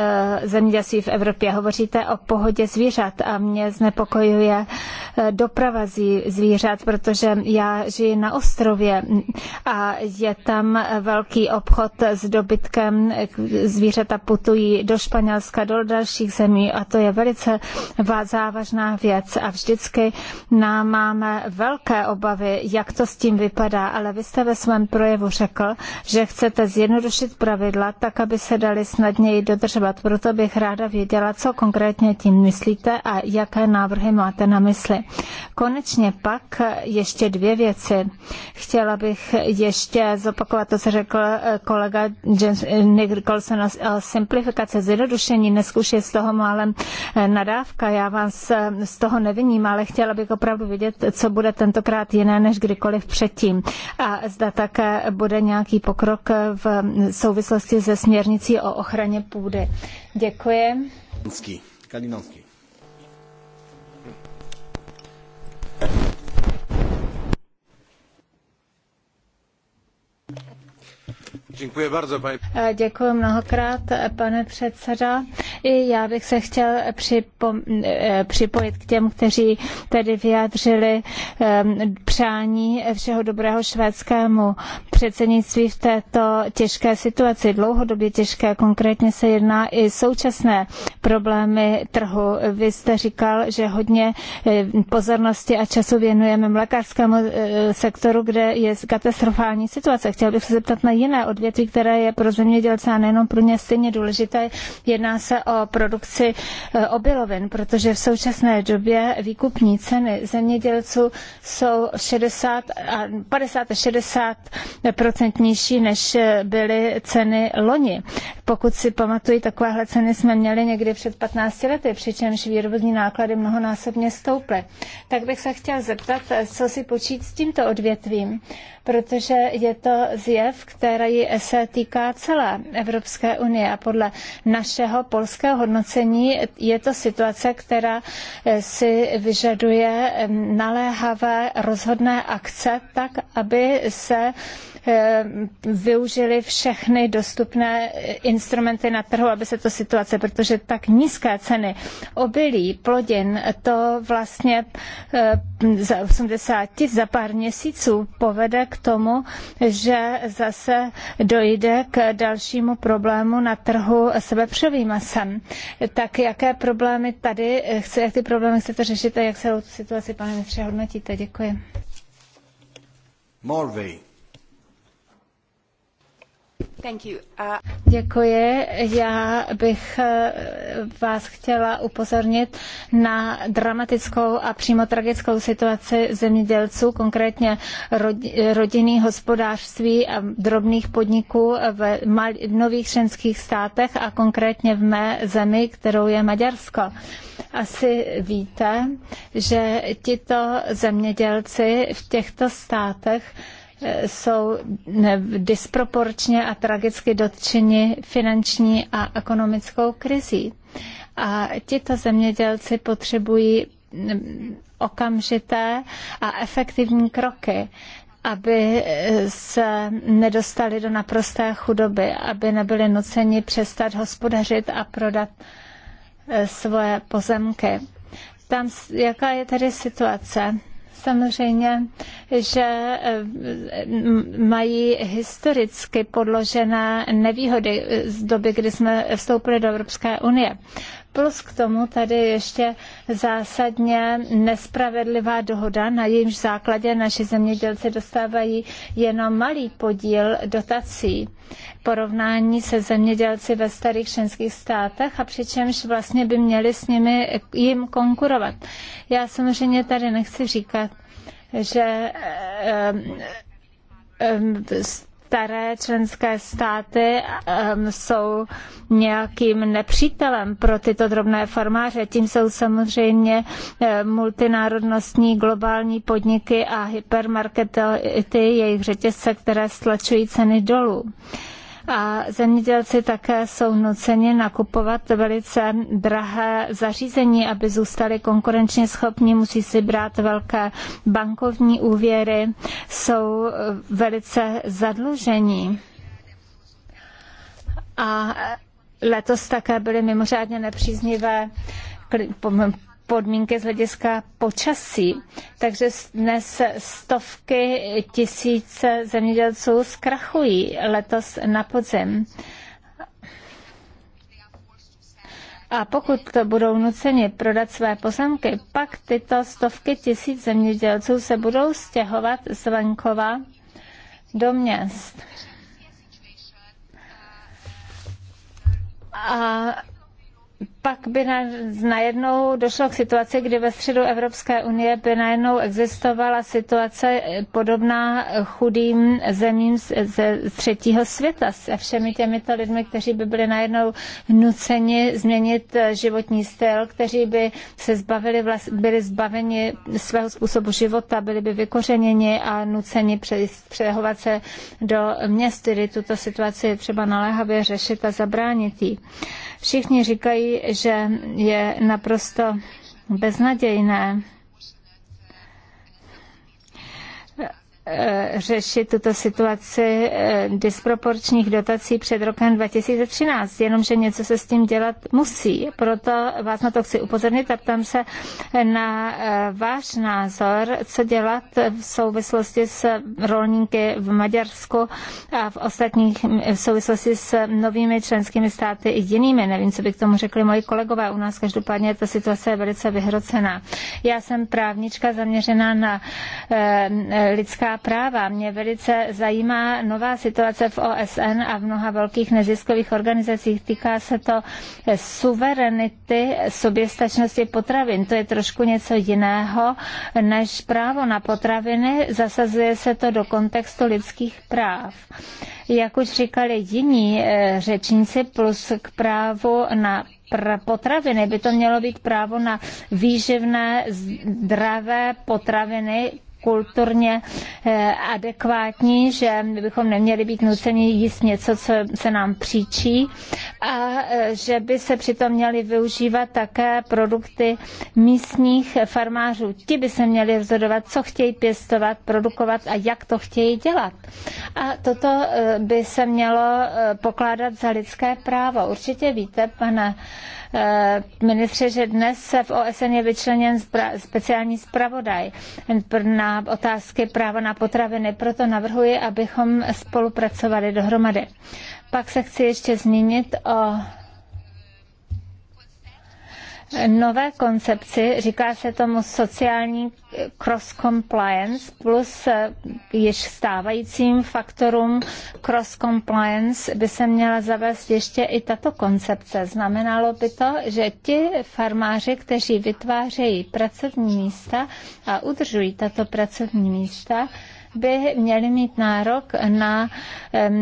Eh, zemědělství v Evropě. Hovoříte o pohodě zvířat a mě znepokojuje eh, doprava zvířat, protože já žiji na ostrově a je tam velký obchod s dobytkem. Eh, zvířata putují do Španělska, do dalších zemí a to je velice závažná věc a vždycky nám máme velké obavy, jak to s tím vypadá, ale vy jste ve svém projevu řekl, že chcete zjednodušit pravidla tak, aby se dali snadněji dodržovat používat. Proto bych ráda věděla, co konkrétně tím myslíte a jaké návrhy máte na mysli. Konečně pak ještě dvě věci. Chtěla bych ještě zopakovat to, co řekl eh, kolega James eh, Nicholson o simplifikace, zjednodušení. Neskuš z toho málem eh, nadávka. Já vás z toho neviním, ale chtěla bych opravdu vědět, co bude tentokrát jiné než kdykoliv předtím. A zda také bude nějaký pokrok v souvislosti se směrnicí o ochraně půdy. Děkuji. Děkuji. Kalinowski. E, děkuji mnohokrát, pane předseda. I já bych se chtěl připo... E, připojit k těm, kteří tedy vyjádřili přání všeho dobrého švédskému předsednictví v této těžké situaci, dlouhodobě těžké. Konkrétně se jedná i současné problémy trhu. Vy jste říkal, že hodně e, pozornosti a času věnujeme mlékařskému sektoru, kde je katastrofální situace. Chtěl bych se zeptat na jiné odvětví odvětví, které je pro zemědělce a nejenom pro ně stejně důležité. Jedná se o produkci e, obilovin, protože v současné době výkupní ceny zemědělců jsou 60 a 50 až 60 nižší, než e, byly ceny loni. Pokud si pamatují, takovéhle ceny jsme měli někdy před 15 lety, přičemž výrobní náklady mnohonásobně stouply. Tak bych se chtěl zeptat, e, co si počít s tímto odvětvím protože je to zjev, který se týká celé Evropské unie a podle našeho polského hodnocení je to situace, která eh, si vyžaduje naléhavé rozhodné akce tak, aby se Eh, využili všechny dostupné eh, instrumenty na trhu, aby se to situace, protože tak nízké ceny obilí, plodin, to vlastně eh, za 80 za pár měsíců povede k tomu, že zase dojde k dalšímu problému na trhu vepřovým masem. Tak jaké problémy tady, jak ty problémy chcete řešit a jak celou tu situaci, pane ministře, hodnotíte? Děkuji. Morvej. Děkuji. Já bych eh, vás chtěla upozornit na dramatickou a přímo tragickou situaci zemědělců, konkrétně rodinných hospodářství a drobných podniků v, nových členských státech a konkrétně v mé zemi, kterou je Maďarsko. Asi víte, že tito zemědělci v těchto státech jsou disproporčně a tragicky dotčeni finanční a ekonomickou krizí. A tito zemědělci potřebují mm, okamžité a efektivní kroky, aby eh, se nedostali do naprosté chudoby, aby nebyli nuceni přestat hospodařit a prodat eh, svoje pozemky. Tam, jaká je tedy situace? samozřejmě, že eh, mají historicky podložené nevýhody z doby, kdy jsme vstoupili do Evropské unie. Plus k tomu tady ještě zásadně nespravedlivá dohoda, na jejímž základě naši zemědělci dostávají jenom malý podíl dotací porovnání se zemědělci ve starých členských státech a přičemž vlastně by měli s nimi jim konkurovat. Já samozřejmě tady nechci říkat, že eh, eh, které členské státy jsou nějakým nepřítelem pro tyto drobné farmáře. Tím jsou samozřejmě multinárodnostní globální podniky a hypermarkety, jejich řetězce, které stlačují ceny dolů. Uh, a zemědělci také jsou nuceni nakupovat velice drahé zařízení, aby zůstali konkurenčně schopní, musí si brát velké bankovní úvěry, jsou eh, velice zadlužení. A eh, letos také byly mimořádně nepříznivé podmínky z hlediska počasí. Takže dnes stovky tisíc zemědělců zkrachují letos na podzim. A pokud budou nuceni prodat své pozemky, pak tyto stovky tisíc zemědělců se budou stěhovat z venkova do měst. A pak by na, najednou došlo k situaci, kdy ve středu Evropské unie by najednou existovala situace podobná chudým zemím z, třetího světa se všemi těmito lidmi, kteří by byli najednou nuceni změnit eh, životní styl, kteří by se zbavili, byli zbaveni svého způsobu života, byli by vykořeněni a nuceni přehovat se do měst, kdy tuto situaci je třeba naléhavě řešit a zabránit jí. Všichni říkají, že je naprosto beznadějné, Eh, řešit tuto situaci eh, disproporčních dotací před rokem 2013, jenomže něco se s tím dělat musí. Proto vás na to chci upozornit a ptám se na eh, váš názor, co dělat v souvislosti s rolníky v Maďarsku a v ostatních v souvislosti s novými členskými státy i jinými. Nevím, co by k tomu řekli moji kolegové. U nás každopádně ta situace je velice vyhrocená. Já jsem právnička zaměřená na lidská práva. Mě velice zajímá nová situace v OSN a v mnoha velkých neziskových organizacích. Týká se to suverenity, soběstačnosti potravin. To je trošku něco jiného než právo na potraviny. Zasazuje se to do kontextu lidských práv. Jak už říkali jiní eh, řečníci, plus k právu na potraviny, by to mělo být právo na výživné, zdravé potraviny kulturně eh, adekvátní, že bychom neměli být nuceni jíst něco, co se nám příčí a eh, že by se přitom měly využívat také produkty místních farmářů. Ti by se měli rozhodovat, co chtějí pěstovat, produkovat a jak to chtějí dělat. A toto eh, by se mělo pokládat za lidské právo. Určitě víte, pane Eh, ministře, že dnes v OSN je vyčleněn speciální zpravodaj na otázky práva na potraviny, proto navrhuji, abychom spolupracovali dohromady. Pak se chci ještě zmínit o nové koncepci, říká se tomu sociální cross-compliance plus eh, již stávajícím faktorům cross-compliance by se měla zavést ještě i tato koncepce. Znamenalo by to, že ti farmáři, kteří vytvářejí pracovní místa a udržují tato pracovní místa, by měli mít nárok na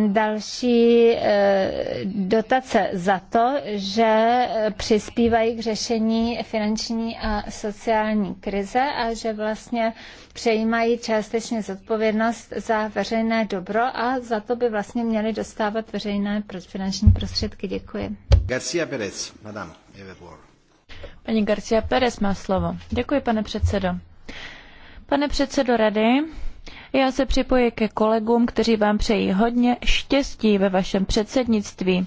další e, dotace za to, že přispívají k řešení finanční a sociální krize a že vlastně přejímají částečně zodpovědnost za veřejné dobro a za to by vlastně měli dostávat veřejné finanční prostředky. Děkuji. Garcia Perez, madame Everboard. Paní Garcia Perez má slovo. Děkuji, pane předsedo. Pane předsedo rady, já se připoji ke kolegům, kteří vám přejí hodně štěstí ve vašem předsednictví.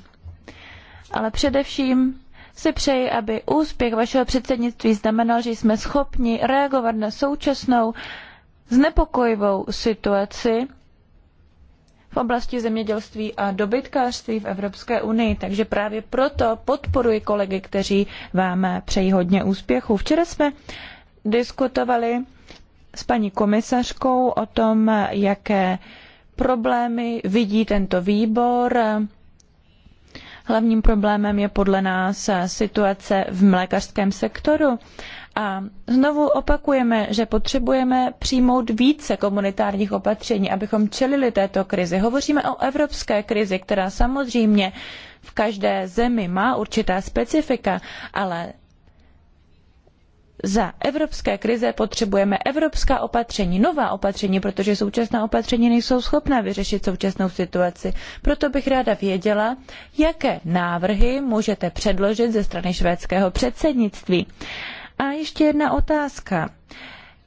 Ale především si přeji, aby úspěch vašeho předsednictví znamenal, že jsme schopni reagovat na současnou znepokojivou situaci v oblasti zemědělství a dobytkářství v Evropské unii. Takže právě proto podporuji kolegy, kteří vám přejí hodně úspěchů. Včera jsme diskutovali s paní komisařkou o tom, jaké problémy vidí tento výbor. Hlavním problémem je podle nás situace v mlékařském sektoru. A znovu opakujeme, že potřebujeme přijmout více komunitárních opatření, abychom čelili této krizi. Hovoříme o evropské krizi, která samozřejmě v každé zemi má určitá specifika, ale za evropské krize potřebujeme evropská opatření, nová opatření, protože současná opatření nejsou schopná vyřešit současnou situaci. Proto bych ráda věděla, jaké návrhy můžete předložit ze strany švédského předsednictví. A ještě jedna otázka.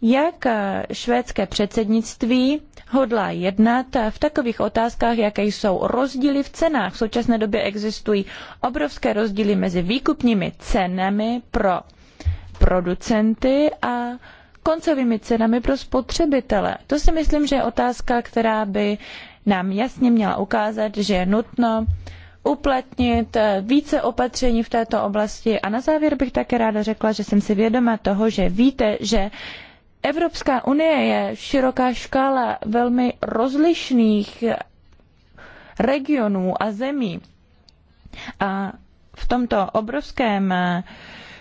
Jak eh, švédské předsednictví hodlá jednat eh, v takových otázkách, jaké jsou rozdíly v cenách. V současné době existují obrovské rozdíly mezi výkupními cenami pro producenty a koncovými cenami pro spotřebitele. To si myslím, že je otázka, která by nám jasně měla ukázat, že je nutno uplatnit eh, více opatření v této oblasti. A na závěr bych také ráda řekla, že jsem si vědoma toho, že víte, že Evropská unie je široká škála velmi rozlišných regionů a zemí. A v tomto obrovském uh,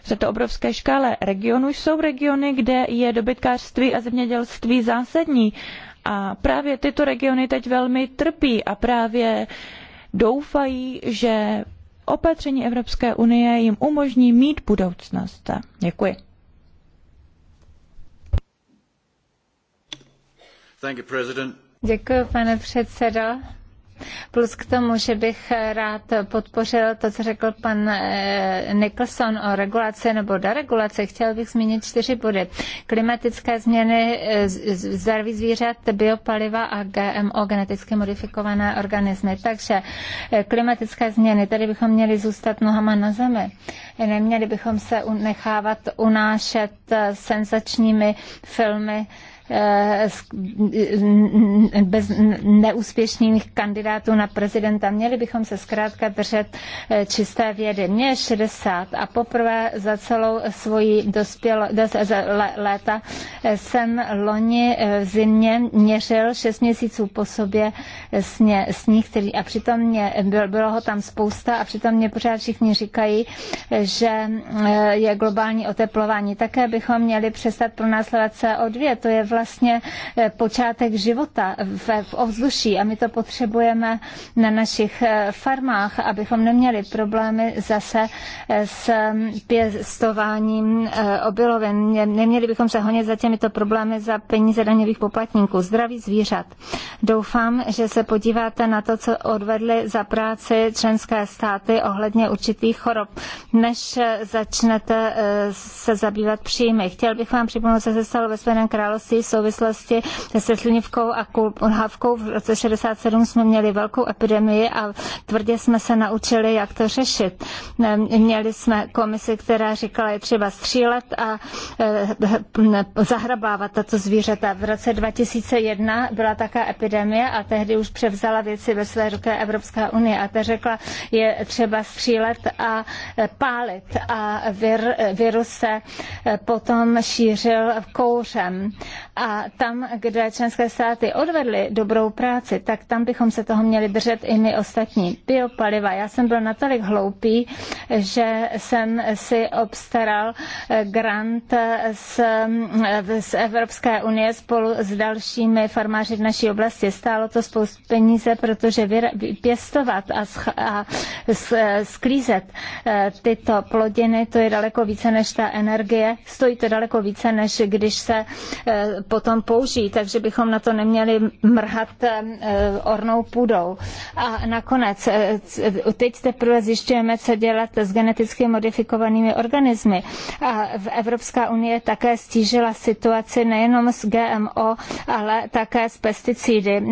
v této obrovské škále regionů jsou regiony, kde je dobytkářství a zemědělství zásadní. A právě tyto regiony teď velmi trpí a právě doufají, že opatření Evropské unie jim umožní mít budoucnost. Děkuji. Děkuji, pane předsedo. Plus k tomu, že bych rád podpořil to, co řekl pan eh, Nicholson o regulaci nebo deregulaci, chtěl bych zmínit čtyři body. Klimatické změny, eh, zdraví zvířat, biopaliva a GMO, geneticky modifikované organismy. Takže eh, klimatické změny, tady bychom měli zůstat nohama na zemi. Neměli bychom se nechávat unášet senzačními filmy, Eh, bez neúspěšných kandidátů na prezidenta. Měli bychom se zkrátka držet eh, čisté vědy. Mně je 60 a poprvé za celou svoji dospělo, dos, léta eh, jsem loni v zimě měřil 6 měsíců po sobě sně, sníh, který, a přitom mě, bylo, bylo ho tam spousta a přitom mě pořád všichni říkají, že je globální oteplování. Také bychom měli přestat pronásledovat CO2, to je vlastně eh, počátek života v, v ovzduší a my to potřebujeme na našich eh, farmách, abychom neměli problémy zase eh, s mm, pěstováním obilovin. Neměli bychom se honit za těmito problémy za peníze daňových poplatníků. Zdraví zvířat. Doufám, že se podíváte na to, co odvedly za práci členské státy ohledně určitých chorob, než začnete se zabývat příjmy. Chtěl bych vám připomenout, co se stalo ve Spojeném království v souvislosti se slinivkou a kulhavkou. V roce 67 jsme měli velkou epidemii a tvrdě jsme se naučili, jak to řešit. Ehm, měli jsme komisi, která říkala, je třeba střílet a eh, zahrabávat tato zvířata. V roce 2001 byla taká epidemie a tehdy už převzala věci ve své ruce Evropská unie a ta řekla, je třeba střílet a eh, pálit a vir, virus se eh, potom šířil kouřem a tam, kde členské státy odvedly dobrou práci, tak tam bychom se toho měli držet i my ostatní. Biopaliva. Já jsem byl natolik hloupý, že jsem si obstaral eh, grant z, eh, eh, z Evropské unie spolu s dalšími farmáři v naší oblasti. Stálo to spoustu peníze, protože pěstovat a, sch, a sklízet tyto plodiny, to je daleko více než ta energie. Stojí to daleko více, než když se potom použijí, takže bychom na to neměli mrhat eh, ornou půdou. A nakonec, eh, teď teprve zjišťujeme, co dělat s geneticky modifikovanými organismy. A v Evropská unie také stížila situaci nejenom s GMO, ale také s pesticidy.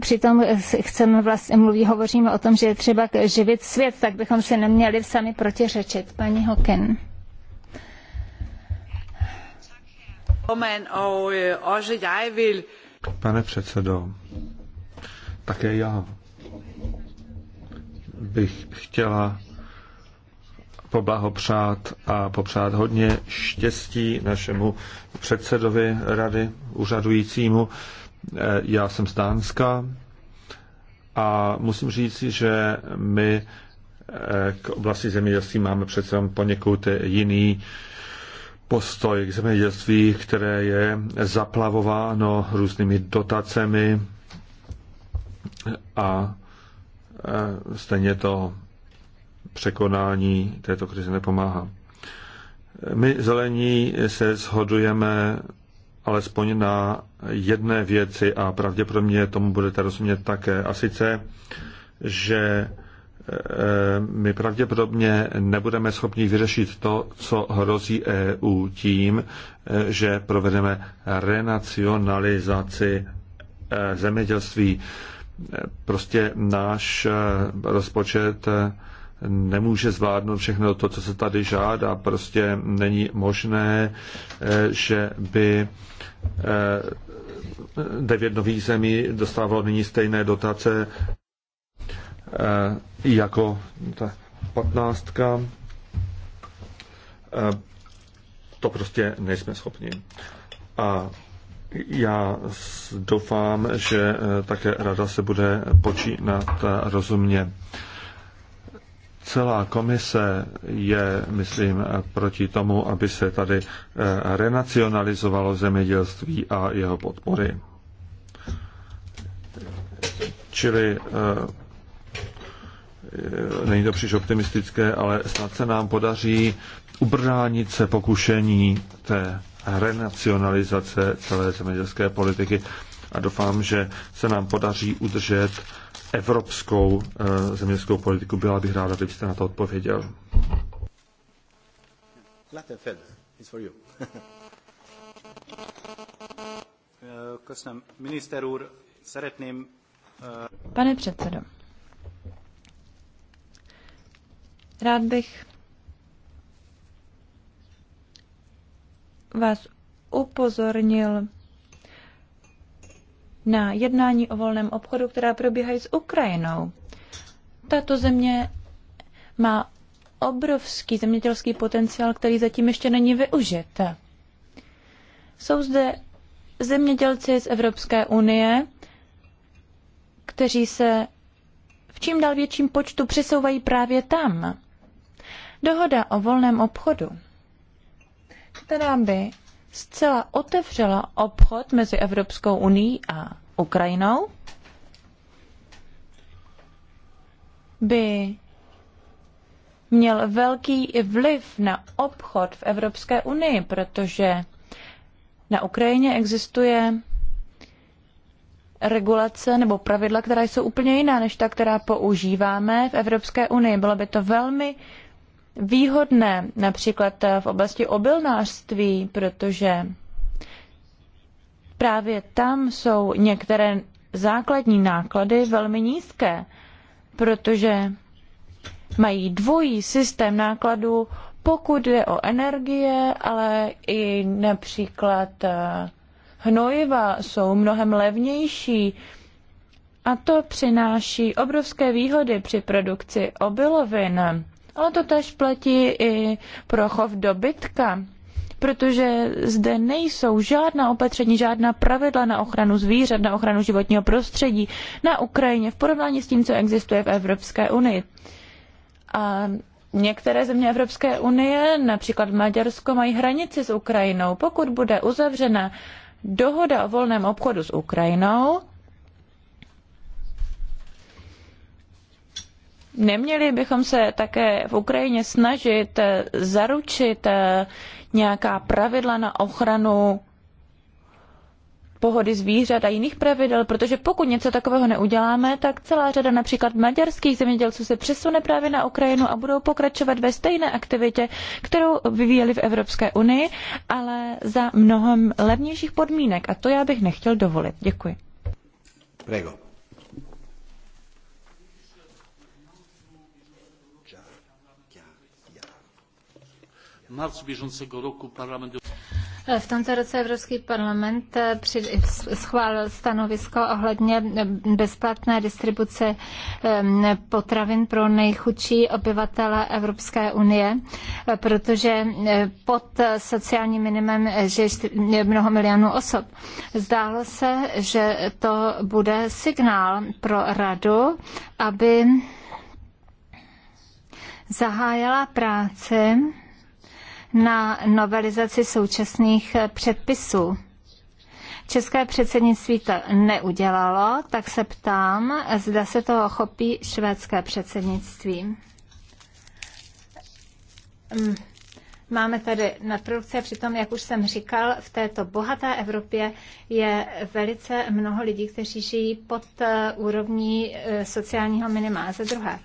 Přitom chceme vlastně, mluví, hovoříme o tom, že je třeba živit svět, tak bychom se neměli sami protiřečit. Paní Hokin. Øh, Pane předsedo, také já bych chtěla poblahopřát a popřát hodně štěstí našemu předsedovi rady úřadujícímu. Eh, já jsem z Dánska a musím říct, že my eh, k oblasti zemědělství máme přece poněkud jiný postoj k zemědělství, které je zaplavováno různými dotacemi a stejně to překonání této krize nepomáhá. My zelení se shodujeme alespoň na jedné věci a pravděpodobně tomu budete rozumět také. A sice, že my pravděpodobně nebudeme schopni vyřešit to, co hrozí EU tím, že provedeme renacionalizaci eh, zemědělství. Prostě náš eh, rozpočet eh, nemůže zvládnout všechno to, co se tady žádá. Prostě není možné, že by devět nových zemí dostávalo nyní stejné dotace Eh, jako ta patnáctka. Eh, to prostě nejsme schopni. A já doufám, že eh, také rada se bude počínat rozumně. Celá komise je, myslím, proti tomu, aby se tady renacionalizovalo zemědělství a jeho podpory. Čili Eh, není to příliš optimistické, ale snad se nám podaří ubránit se pokušení té renacionalizace celé zemědělské politiky a doufám, že se nám podaří udržet evropskou eh, zemědělskou politiku. Byla bych ráda, kdybyste na to odpověděl. it's for you. Eh, Pane předsedo, Rád bych vás upozornil na jednání o volném obchodu, která probíhají s Ukrajinou. Tato země má obrovský zemědělský potenciál, který zatím ještě není využit. Jsou zde zemědělci z Evropské unie, kteří se v čím dál větším počtu přesouvají právě tam. Dohoda o volném obchodu, která by zcela otevřela obchod mezi Evropskou unii a Ukrajinou, by měl velký vliv na obchod v Evropské unii, protože na Ukrajině existuje regulace nebo pravidla, která jsou úplně jiná než ta, která používáme v Evropské unii. Bylo by to velmi výhodné, například v oblasti obilnářství, protože právě tam jsou některé základní náklady velmi nízké, protože mají dvojí systém nákladů, pokud jde o energie, ale i například eh, hnojiva jsou mnohem levnější a to přináší obrovské výhody při produkci obilovin Ono to tež platí i pro chov dobytka, protože zde nejsou žádná opatření, žádná pravidla na ochranu zvířat, na ochranu životního prostředí na Ukrajině v porovnání s tím, co existuje v Evropské unii. A Některé země Evropské unie, například Maďarsko, mají hranici s Ukrajinou. Pokud bude uzavřena dohoda o volném obchodu s Ukrajinou, Neměli bychom se také v Ukrajině snažit eh, zaručit eh, nějaká pravidla na ochranu pohody zvířat a jiných pravidel, protože pokud něco takového neuděláme, tak celá řada například maďarských zemědělců se přesune právě na Ukrajinu a budou pokračovat ve stejné aktivitě, kterou vyvíjeli v Evropské unii, ale za mnohem levnějších podmínek. A to já bych nechtěl dovolit. Děkuji. Prego. marcu bieżącego roku Parlament v tomto roce Evropský parlament schválil stanovisko ohledně bezplatné distribuce potravin pro nejchudší obyvatele Evropské unie, protože pod sociálním minimem je mnoho milionů osob. Zdálo se, že to bude signál pro radu, aby zahájila práci na novelizaci současných předpisů. České předsednictví to neudělalo, tak se ptám, zda se toho chopí švédské předsednictví. Mm. Máme tady nadprodukce, přitom, jak už jsem říkal, v této bohaté Evropě je velice mnoho lidí, kteří žijí pod eh, úrovní eh, sociálního minima. Za druhé,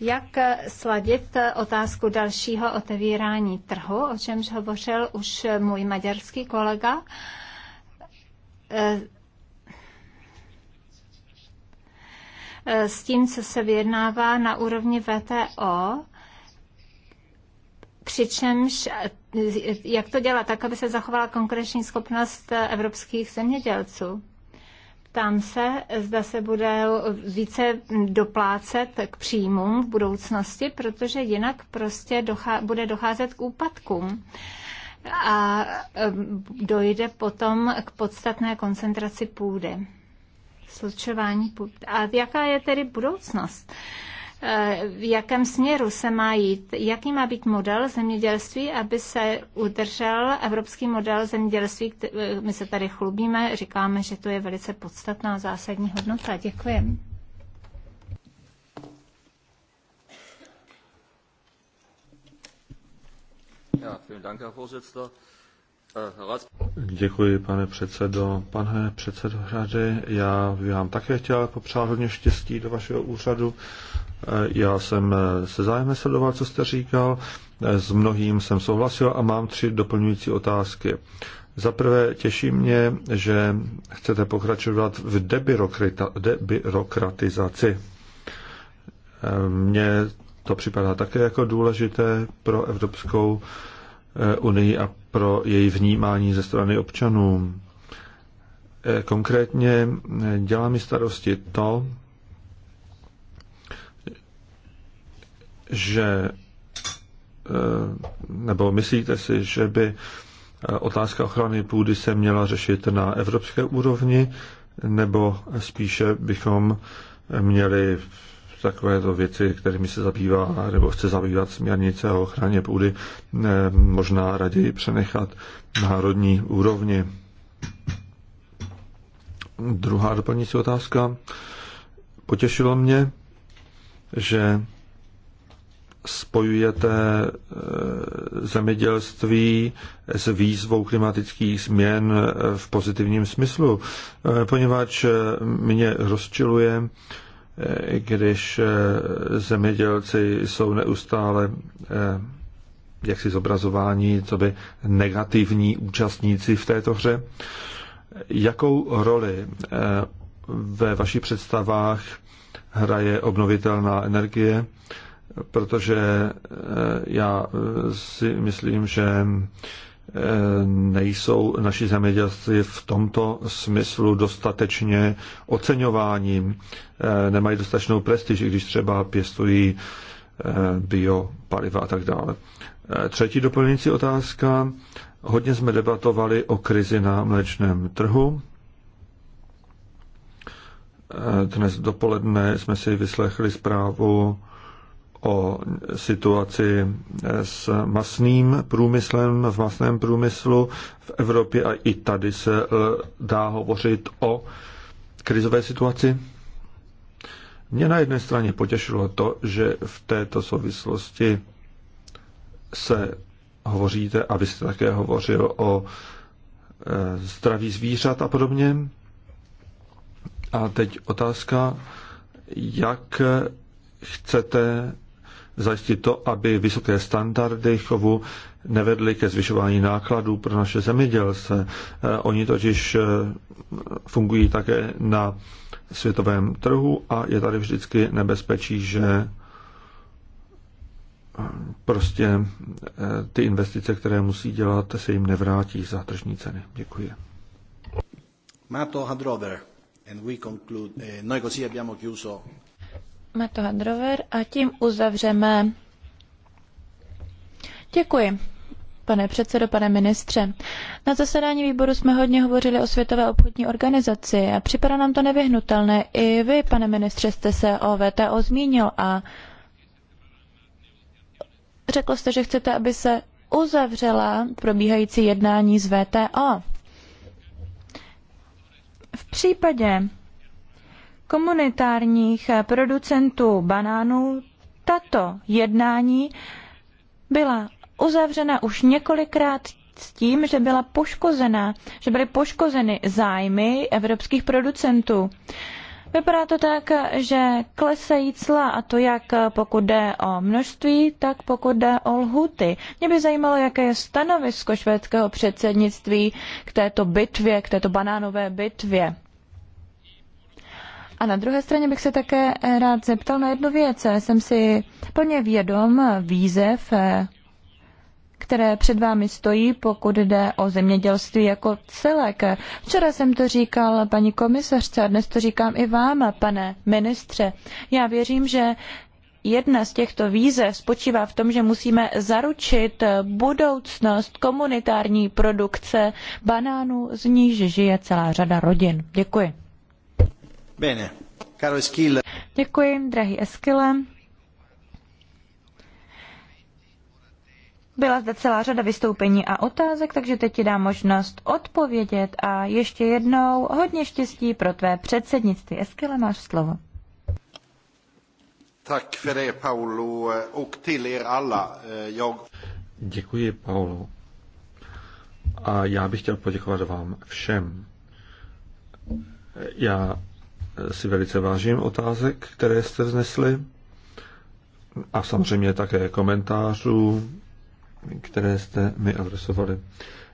jak sladit otázku dalšího otevírání trhu, o čemž hovořil už můj maďarský kolega, s tím, co se vyjednává na úrovni VTO, přičemž jak to dělat tak, aby se zachovala konkurenční schopnost evropských zemědělců. Ptám se, zda se bude více doplácet k příjmům v budoucnosti, protože jinak prostě dochá- bude docházet k úpadkům a dojde potom k podstatné koncentraci půdy. Slučování půdy. A jaká je tedy budoucnost? Uh, v jakém směru se má jít, jaký má být model zemědělství, aby se udržel evropský model zemědělství. My se tady chlubíme, říkáme, že to je velice podstatná zásadní hodnota. Děkuji. Ja, vielen Dank, Herr Vorsitzender. Děkuji, pane předsedo. Pane předsedo já vám také chtěl popřát hodně štěstí do vašeho úřadu. Eh, já jsem eh, se zájemem sledoval, co jste říkal. Eh, s mnohým jsem souhlasil a mám tři doplňující otázky. Za prvé těší mě, že chcete pokračovat v debyrokratizaci. Mně to připadá také jako důležité pro Evropskou unii a pro její vnímání ze strany občanů. E, konkrétně e, dělá mi starosti to, že e, nebo myslíte si, že by otázka ochrany půdy se měla řešit na evropské úrovni, nebo spíše bychom měli takovéto věci, kterými se zabývá nebo chce zabývat směrnice o ochraně půdy, možná raději přenechat národní úrovni. Druhá doplňující otázka. Potěšilo mě, že spojujete eh, zemědělství s výzvou klimatických změn eh, v pozitivním smyslu, eh, poněvadž mě rozčiluje, Eh, když eh, zemědělci jsou neustále eh, jaksi zobrazování, co by negativní účastníci v této hře. Jakou roli ve vašich představách hraje obnovitelná energie? Protože já si myslím, že Eh, nejsou naši zemědělci v tomto smyslu dostatečně oceňováním, eh, nemají dostatečnou prestiž, když třeba pěstují eh, biopaliva a tak dále. Třetí doplňující otázka. Hodně jsme debatovali o krizi na mléčném trhu. Dnes dopoledne jsme si vyslechli zprávu o situaci eh, s masným průmyslem, v masném průmyslu v Evropě a i tady se eh, dá hovořit o krizové situaci. Mě na jedné straně potěšilo to, že v této souvislosti se hovoříte, a vy jste také hovořil o eh, zdraví zvířat a podobně. A teď otázka, jak chcete zajistit to, aby vysoké standardy chovu nevedly ke zvyšování nákladů pro naše zemědělce. Eh, oni totiž eh, fungují také na světovém trhu a je tady vždycky nebezpečí, že eh, prostě ty investice, které musí dělat, se jim nevrátí za tržní ceny. Děkuji. Mato Hadrover, and we conclude. Eh, noi così abbiamo chiuso Mato Handrover a tím uzavřeme. Děkuji. Pane předsedo, pane ministře, na zasedání výboru jsme hodně hovořili o Světové obchodní organizaci a připadá nám to nevyhnutelné. I vy, pane ministře, jste se o VTO zmínil a řekl jste, že chcete, aby se uzavřela probíhající jednání z VTO. V případě, komunitárních eh, producentů banánů tato jednání byla uzavřena už několikrát s tím, že byla poškozena, že byly poškozeny zájmy evropských producentů. Vypadá to tak, že klesají cla, a to jak pokud jde o množství, tak pokud jde o lhuty. Mě by zajímalo, jaké je stanovisko švédského předsednictví k této bitvě, k této banánové bitvě. A na druhé straně bych se také rád zeptal na jednu věc. Jsem si plně vědom výzev, eh, které před vámi stojí, pokud jde o zemědělství jako celek. Včera jsem to říkal paní komisařce a dnes to říkám i vám, pane ministře. Já věřím, že jedna z těchto výzev spočívá v tom, že musíme zaručit budoucnost komunitární produkce banánů, z níž žije celá řada rodin. Děkuji. Děkuji, drahý Eskile. Byla zde celá řada vystoupení a otázek, takže teď ti dám možnost odpovědět a ještě jednou hodně štěstí pro tvé předsednictví. Eskile, máš slovo. Tak er alla. Děkuji, Paolo. A já bych chtěl poděkovat vám všem. Já si velice vážím otázek, které jste vznesli a samozřejmě také komentářů, které jste mi adresovali.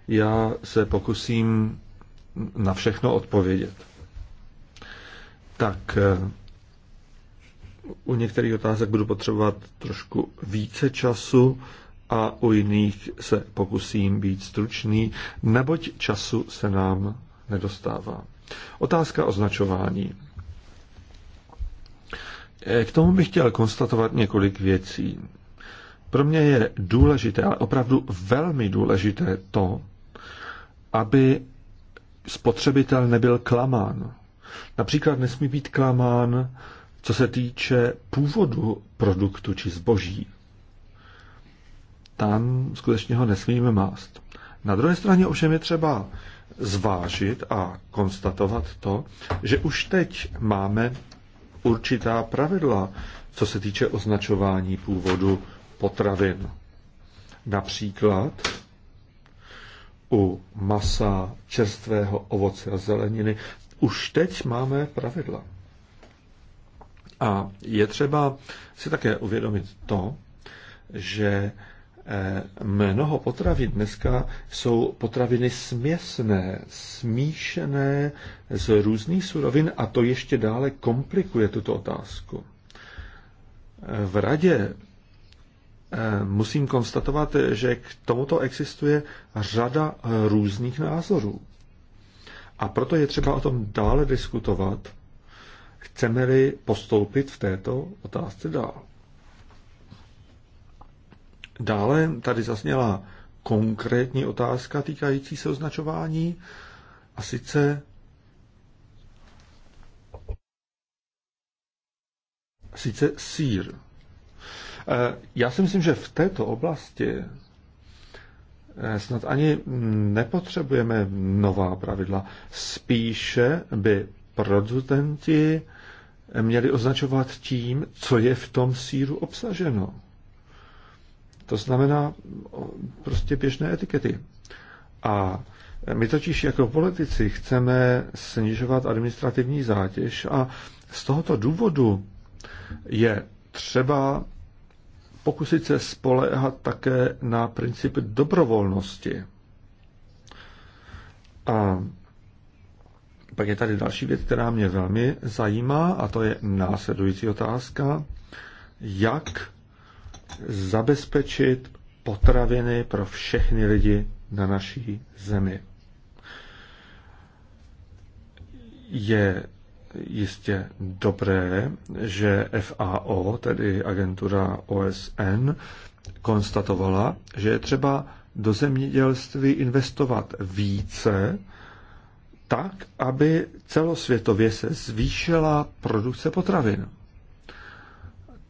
Já se pokusím na všechno odpovědět. Tak eh, u některých otázek budu potřebovat trošku více času a u jiných se pokusím být stručný, neboť času se nám nedostává. Otázka označování. K tomu bych chtěl konstatovat několik věcí. Pro mě je důležité, ale opravdu velmi důležité to, aby spotřebitel nebyl klamán. Například nesmí být klamán, co se týče původu produktu či zboží. Tam skutečně ho nesmíme mást. Na druhé straně ovšem je třeba zvážit a konstatovat to, že už teď máme určitá pravidla, co se týče označování původu potravin. Například u masa, čerstvého ovoce a zeleniny už teď máme pravidla. A je třeba si také uvědomit to, že mnoho potravin dneska jsou potraviny směsné, smíšené z různých surovin a to ještě dále komplikuje tuto otázku. V radě eh, musím konstatovat, že k tomuto existuje řada eh, různých názorů. A proto je třeba o tom dále diskutovat, chceme-li postoupit v této otázce dál. Dále tady zazněla konkrétní otázka týkající se označování a sice sice sír. Eh, já si myslím, že v této oblasti eh, snad ani nepotřebujeme nová pravidla. Spíše by producenti měli označovat tím, co je v tom síru obsaženo. To znamená prostě běžné etikety. A my totiž jako politici chceme snižovat administrativní zátěž a z tohoto důvodu je třeba pokusit se spoléhat také na princip dobrovolnosti. A pak je tady další věc, která mě velmi zajímá, a to je následující otázka. Jak zabezpečit potraviny pro všechny lidi na naší zemi. Je jistě dobré, že FAO, tedy agentura OSN, konstatovala, že je třeba do zemědělství investovat více, tak, aby celosvětově se zvýšila produkce potravin.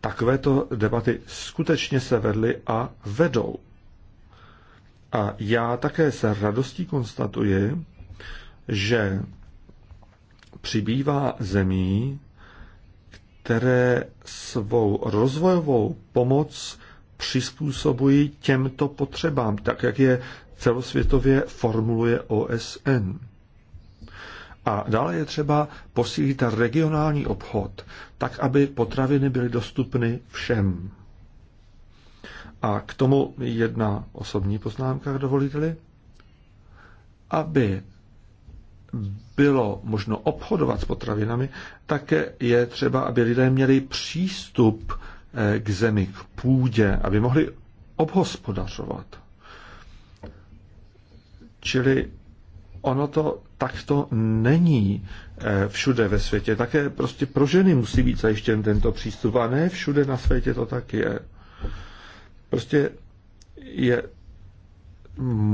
Takovéto debaty skutečně se vedly a vedou. A já také se radostí konstatuji, že přibývá zemí, které svou rozvojovou pomoc přizpůsobují těmto potřebám, tak jak je celosvětově formuluje OSN. A dále je třeba posílit regionální obchod, tak aby potraviny byly dostupny všem. A k tomu jedna osobní poznámka, dovolíte-li. Aby bylo možno obchodovat s potravinami, tak je třeba, aby lidé měli přístup eh, k zemi, k půdě, aby mohli obhospodařovat. Čili ono to tak to není eh, všude ve světě. Také prostě pro ženy musí být zajištěn tento přístup a ne všude na světě to tak je. Prostě je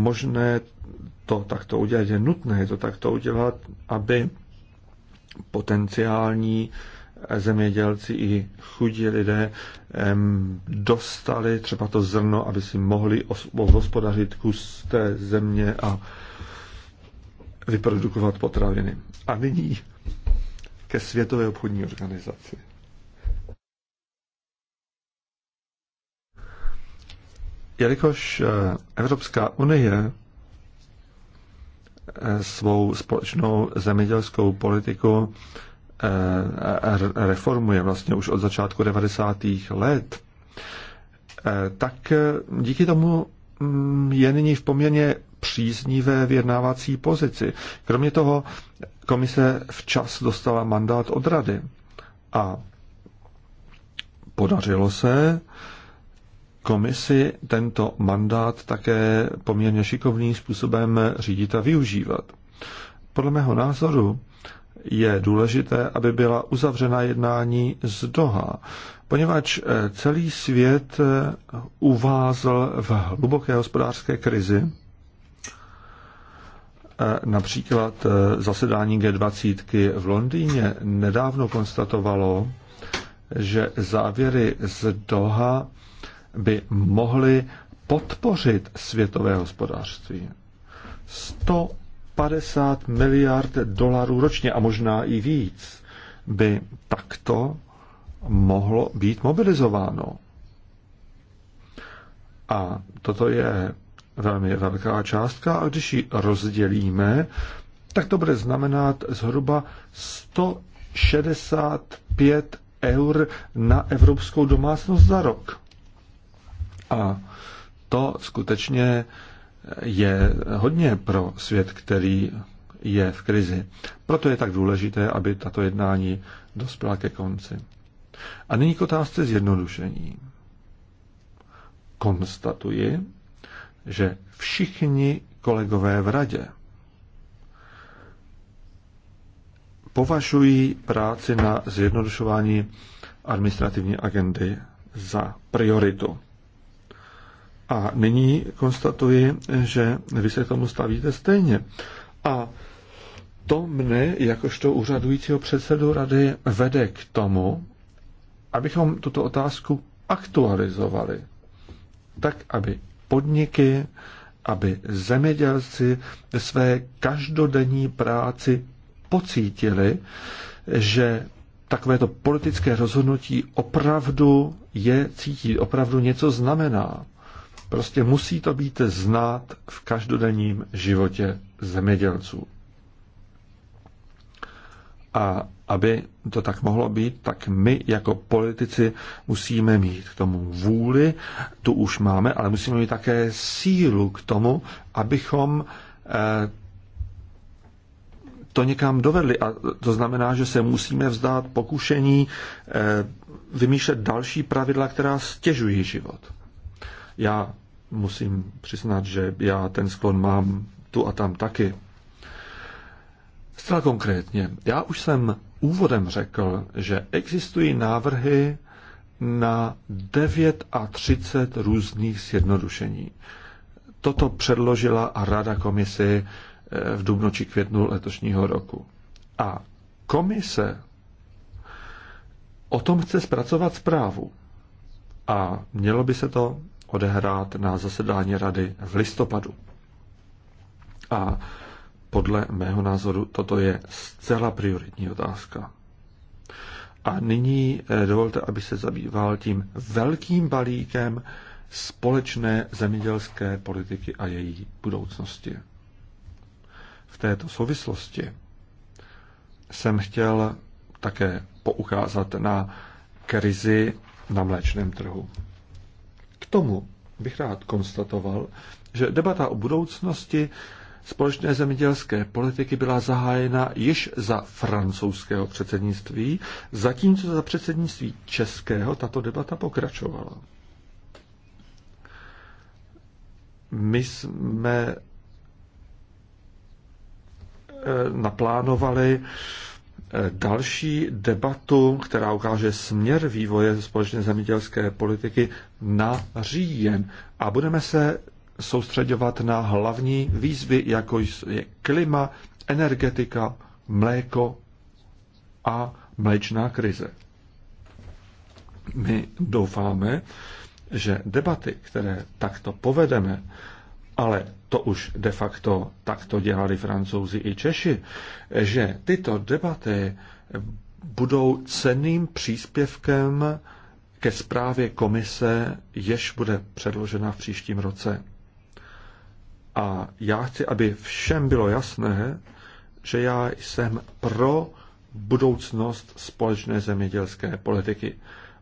možné to takto udělat, je nutné to takto udělat, aby potenciální eh, zemědělci i chudí lidé dostali třeba to zrno, aby si mohli hospodařit kus té země a vyprodukovat potraviny. A nyní ke Světové obchodní organizaci. Jelikož eh, Evropská unie eh, svou společnou zemědělskou politiku eh, reformuje vlastně už od začátku 90. let, tak díky tomu Mm, je nyní v poměrně příznivé vyjednávací pozici. Kromě toho komise včas dostala mandát od rady a podařilo se komisi tento mandát také poměrně šikovným způsobem řídit a využívat. Podle mého názoru je důležité, aby byla uzavřena jednání z Doha, poněvadž eh, celý svět eh, uvázl v hluboké hospodářské krizi. Eh, například zasedání G20 v Londýně nedávno konstatovalo, že závěry z Doha by mohly podpořit světové hospodářství. 100 50 miliard dolarů ročně a možná i víc by takto mohlo být mobilizováno. A toto je velmi velká částka a když ji rozdělíme, tak to bude znamenat zhruba 165 eur na evropskou domácnost za rok. A to skutečně je hodně pro svět, který je v krizi. Proto je tak důležité, aby tato jednání dospěla ke konci. A nyní k otázce zjednodušení. Konstatuji, že všichni kolegové v radě považují práci na zjednodušování administrativní agendy za prioritu. A nyní konstatuji, že vy se k tomu stavíte stejně. A to mne, jakožto úřadujícího předsedu rady, vede k tomu, abychom tuto otázku aktualizovali. Tak, aby podniky, aby zemědělci ve své každodenní práci pocítili, že takovéto politické rozhodnutí opravdu je cítit, opravdu něco znamená. Prostě musí to být znát v každodenním životě zemědělců. A aby to tak mohlo být, tak my jako politici musíme mít k tomu vůli, tu už máme, ale musíme mít také sílu k tomu, abychom eh, to někam dovedli. A to znamená, že se musíme vzdát pokušení eh, vymýšlet další pravidla, která stěžují život. Já musím přiznat, že já ten sklon mám tu a tam taky. Zcela konkrétně, já už jsem úvodem řekl, že existují návrhy na a 30 různých zjednodušení. Toto předložila a Rada komisi eh, v dubnu či květnu letošního roku. A komise o tom chce zpracovat zprávu. A mělo by se to odehrát na zasedání rady v listopadu. A podle mého názoru toto je zcela prioritní otázka. A nyní eh, dovolte, aby se zabýval tím velkým balíkem společné zemědělské politiky a její budoucnosti. V této souvislosti jsem chtěl také poukázat na krizi na mléčném trhu tomu bych rád konstatoval, že debata o budoucnosti společné zemědělské politiky byla zahájena již za francouzského předsednictví, zatímco za předsednictví českého tato debata pokračovala. My jsme eh, naplánovali další debatu, která ukáže směr vývoje společné zemědělské politiky na říjen. A budeme se soustředovat na hlavní výzvy, jako je klima, energetika, mléko a mléčná krize. My doufáme, že debaty, které takto povedeme, ale to už de facto takto dělali francouzi i Češi, že tyto debaty budou cenným příspěvkem ke zprávě komise, jež bude předložena v příštím roce. A já chci, aby všem bylo jasné, že já jsem pro budoucnost společné zemědělské politiky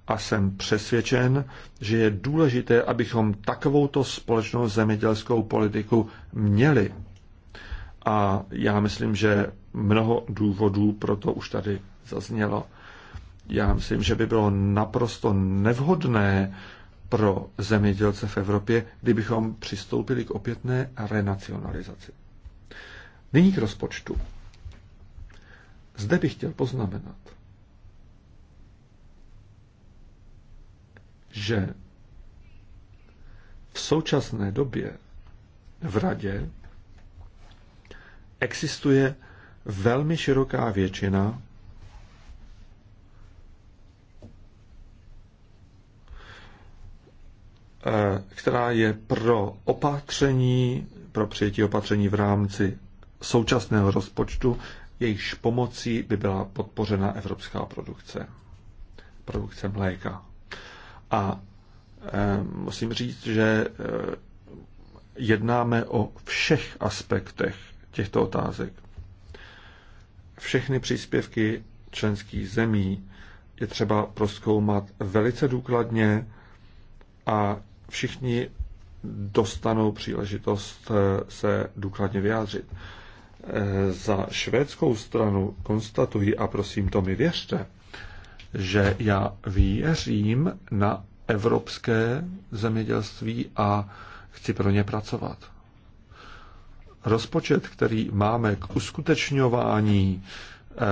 a jsem přesvědčen, že je důležité, abychom takovouto společnou zemědělskou politiku měli. A já myslím, že mnoho důvodů pro to už tady zaznělo. Já myslím, že by bylo naprosto nevhodné pro zemědělce v Evropě, kdybychom přistoupili k opětné renacionalizaci. Nyní k rozpočtu. Zde bych chtěl poznamenat, že v současné době v radě existuje velmi široká většina eh, která je pro opatření, pro přijetí opatření v rámci současného rozpočtu, jejichž pomocí by byla podpořena evropská produkce, produkce mléka. A eh, musím říct, že eh, jednáme o všech aspektech těchto otázek. Všechny příspěvky členských zemí je třeba proskoumat velice důkladně a všichni dostanou příležitost eh, se důkladně vyjádřit. Za švédskou stranu konstatuji, a prosím to mi věřte, že já věřím na evropské zemědělství a chci pro ně pracovat. Rozpočet, který máme k uskutečňování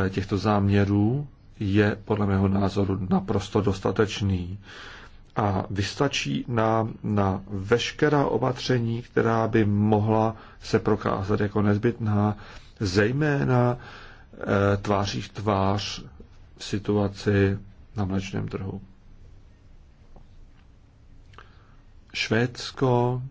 eh, těchto záměrů, je podle mého názoru naprosto dostatečný a vystačí nám na veškerá opatření, která by mohla se prokázat jako nezbytná, zejména eh, tváří v tvář situaci na mlečném trhu. Švédsko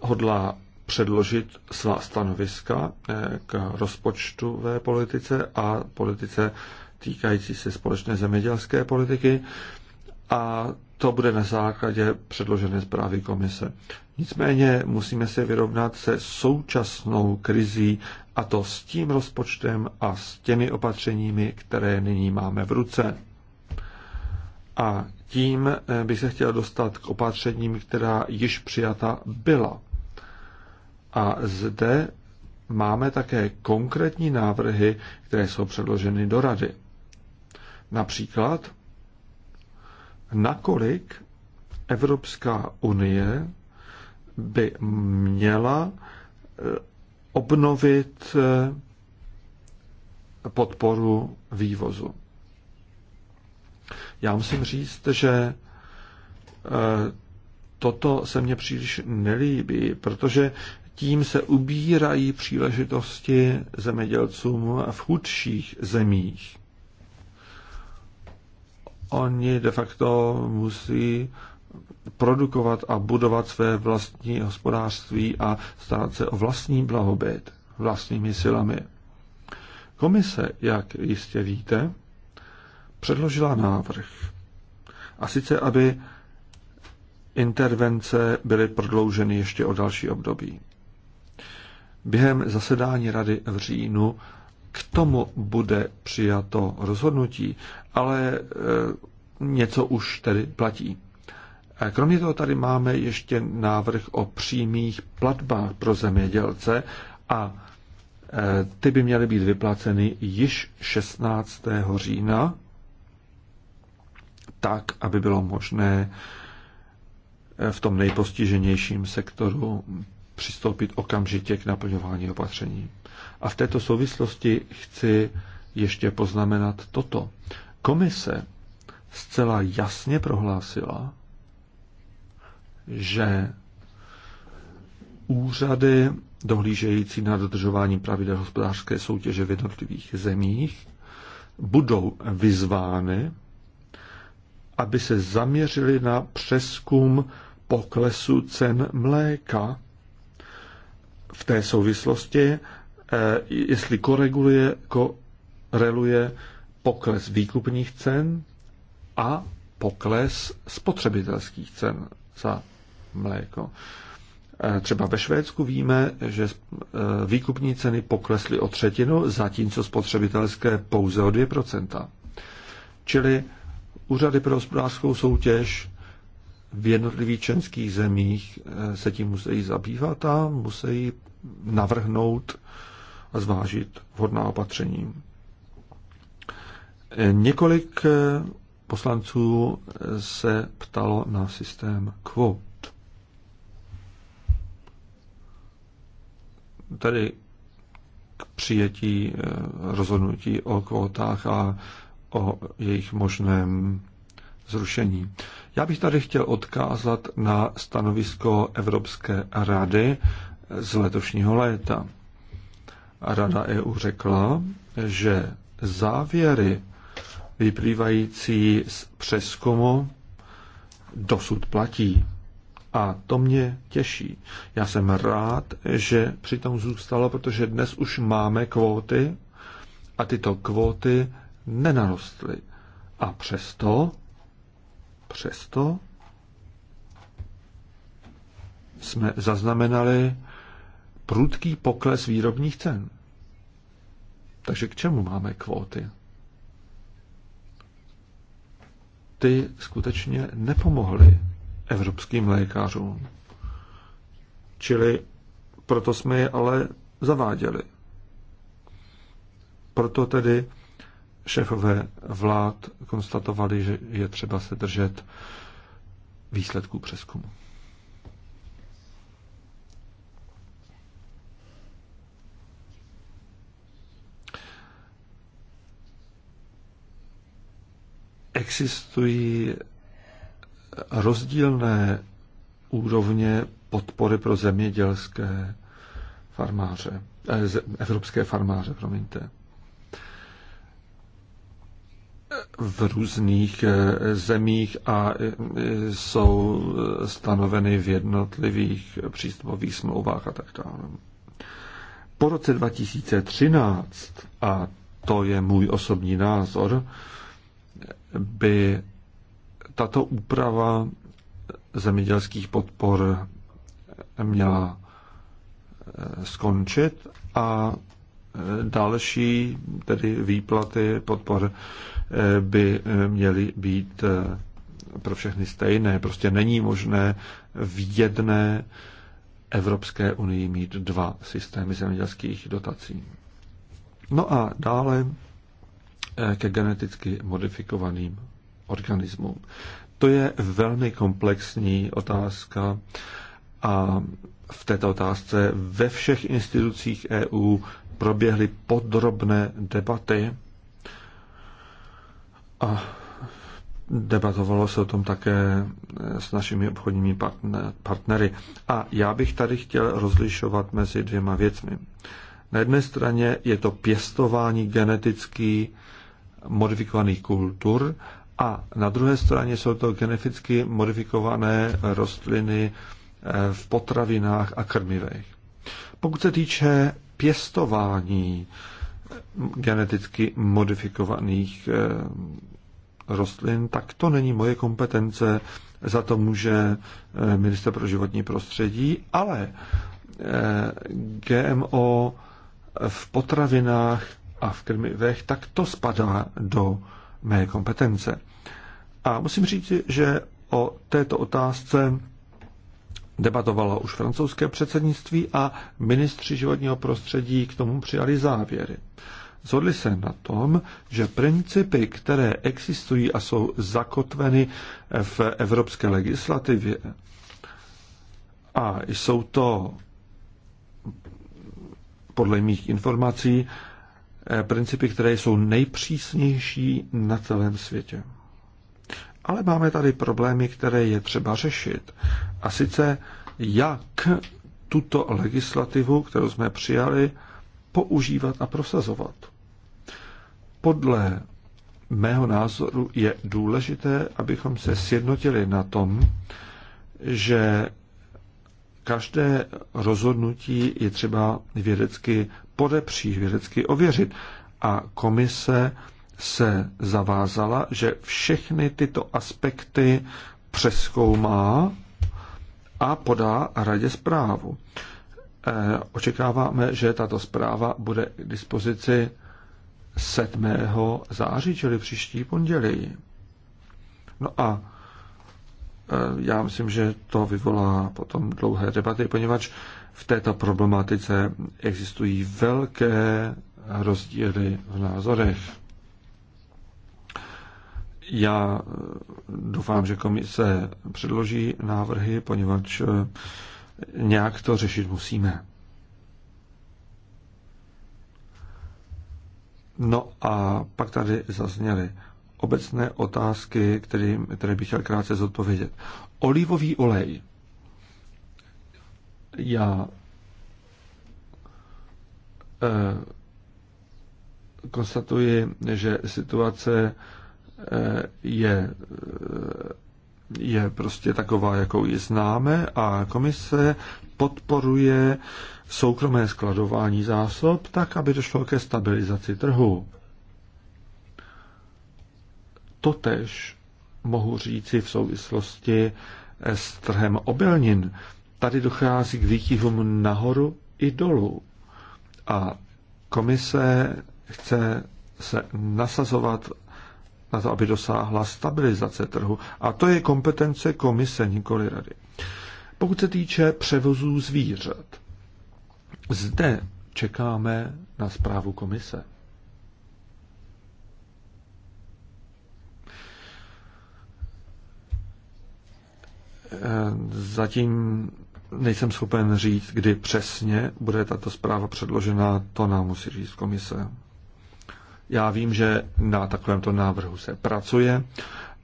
hodlá předložit svá stanoviska eh, k rozpočtové politice a politice týkající se společné zemědělské politiky a to bude na základě předložené zprávy komise. Nicméně musíme se vyrovnat se současnou krizí a to s tím rozpočtem a s těmi opatřeními, které nyní máme v ruce. A tím eh, bych se chtěl dostat k opatřením, která již přijata byla. A zde máme také konkrétní návrhy, které jsou předloženy do rady. Například, nakolik Evropská unie by měla eh, obnovit eh, podporu vývozu. Já musím říct, že eh, toto se mně příliš nelíbí, protože tím se ubírají příležitosti zemědělcům v chudších zemích. Oni de facto musí produkovat a budovat své vlastní hospodářství a stát se o vlastní blahobyt vlastními silami. Komise, jak jistě víte, předložila návrh. A sice, aby intervence byly prodlouženy ještě o další období. Během zasedání Rady v říjnu k tomu bude přijato rozhodnutí, ale e, něco už tedy platí. Kromě toho tady máme ještě návrh o přímých platbách pro zemědělce a e, ty by měly být vyplaceny již 16. října, tak, aby bylo možné e, v tom nejpostiženějším sektoru přistoupit okamžitě k naplňování opatření. A v této souvislosti chci ještě poznamenat toto. Komise zcela jasně prohlásila, že úřady dohlížející na dodržování pravidel hospodářské soutěže v jednotlivých zemích budou vyzvány, aby se zaměřili na přeskum poklesu cen mléka. V té souvislosti, eh, jestli koreguluje, koreluje pokles výkupních cen a pokles spotřebitelských cen za mléko. E, třeba ve Švédsku víme, že e, výkupní ceny poklesly o třetinu, zatímco spotřebitelské pouze o 2%. Čili úřady pro hospodářskou soutěž v jednotlivých členských zemích e, se tím musí zabývat a musí navrhnout a zvážit vhodná opatření. Několik poslanců se ptalo na systém QUO. tedy k přijetí eh, rozhodnutí o kvótách a o jejich možném zrušení. Já bych tady chtěl odkázat na stanovisko Evropské rady eh, z letošního léta. Rada EU řekla, že závěry vyplývající z přeskumu dosud platí. A to mě těší. Já jsem rád, že přitom zůstalo, protože dnes už máme kvóty a tyto kvóty nenarostly. A přesto, přesto jsme zaznamenali prudký pokles výrobních cen. Takže k čemu máme kvóty? Ty skutečně nepomohly evropským lékařům. Čili proto jsme je ale zaváděli. Proto tedy šéfové vlád konstatovali, že je třeba se držet výsledků přeskumu. Existují rozdílné úrovně podpory pro zemědělské farmáře, eh, evropské farmáře, promiňte. V různých eh, zemích a eh, jsou stanoveny v jednotlivých přístupových smlouvách a tak dále. Po roce 2013, a to je můj osobní názor, by tato úprava zemědělských podpor měla eh, skončit a eh, další tedy výplaty podpor eh, by měly být pro všechny stejné. Prostě není možné v jedné Evropské unii mít dva systémy zemědělských dotací. No a dále ke geneticky modifikovaným organismů. To je velmi komplexní otázka a v této otázce ve všech institucích EU proběhly podrobné debaty a debatovalo se o tom také s našimi obchodními partnery. A já bych tady chtěl rozlišovat mezi dvěma věcmi. Na jedné straně je to pěstování geneticky modifikovaných kultur a na druhé straně jsou to geneticky modifikované rostliny eh, v potravinách a krmivech. Pokud se týče pěstování eh, geneticky modifikovaných eh, rostlin, tak to není moje kompetence, za to může minister pro životní prostředí, ale GMO v potravinách a v krmivech, tak to spadá do mé kompetence. A musím říct, že o této otázce debatovalo už francouzské předsednictví a ministři životního prostředí k tomu přijali závěry. Zhodli se na tom, že principy, které existují a jsou zakotveny v evropské legislativě, a jsou to podle mých informací Eh, principy, které jsou nejpřísnější na celém světě. Ale máme tady problémy, které je třeba řešit. A sice, jak tuto legislativu, kterou jsme přijali, používat a prosazovat. Podle mého názoru je důležité, abychom se sjednotili na tom, že každé rozhodnutí je třeba vědecky podepří, vědecky ověřit. A komise se zavázala, že všechny tyto aspekty přeskoumá a podá radě zprávu. Eh, očekáváme, že tato zpráva bude k dispozici 7. září, čili příští pondělí. No a eh, já myslím, že to vyvolá potom dlouhé debaty, poněvadž v této problematice existují velké rozdíly v názorech. Já eh, doufám, že komise předloží návrhy, poněvadž eh, nějak to řešit musíme. No a pak tady zazněly obecné otázky, které, které bych chtěl krátce zodpovědět. Olivový olej. Já eh, konstatuji, že situace eh, je, eh, je prostě taková, jakou ji známe a komise podporuje soukromé skladování zásob tak, aby došlo ke stabilizaci trhu. Totež mohu říci v souvislosti s trhem obilnin tady dochází k výtihům nahoru i dolů. A komise chce se nasazovat na to, aby dosáhla stabilizace trhu. A to je kompetence komise, nikoli rady. Pokud se týče převozů zvířat, zde čekáme na zprávu komise. Zatím nejsem schopen říct, kdy přesně bude tato zpráva předložena, to nám musí říct komise. Já vím, že na takovémto návrhu se pracuje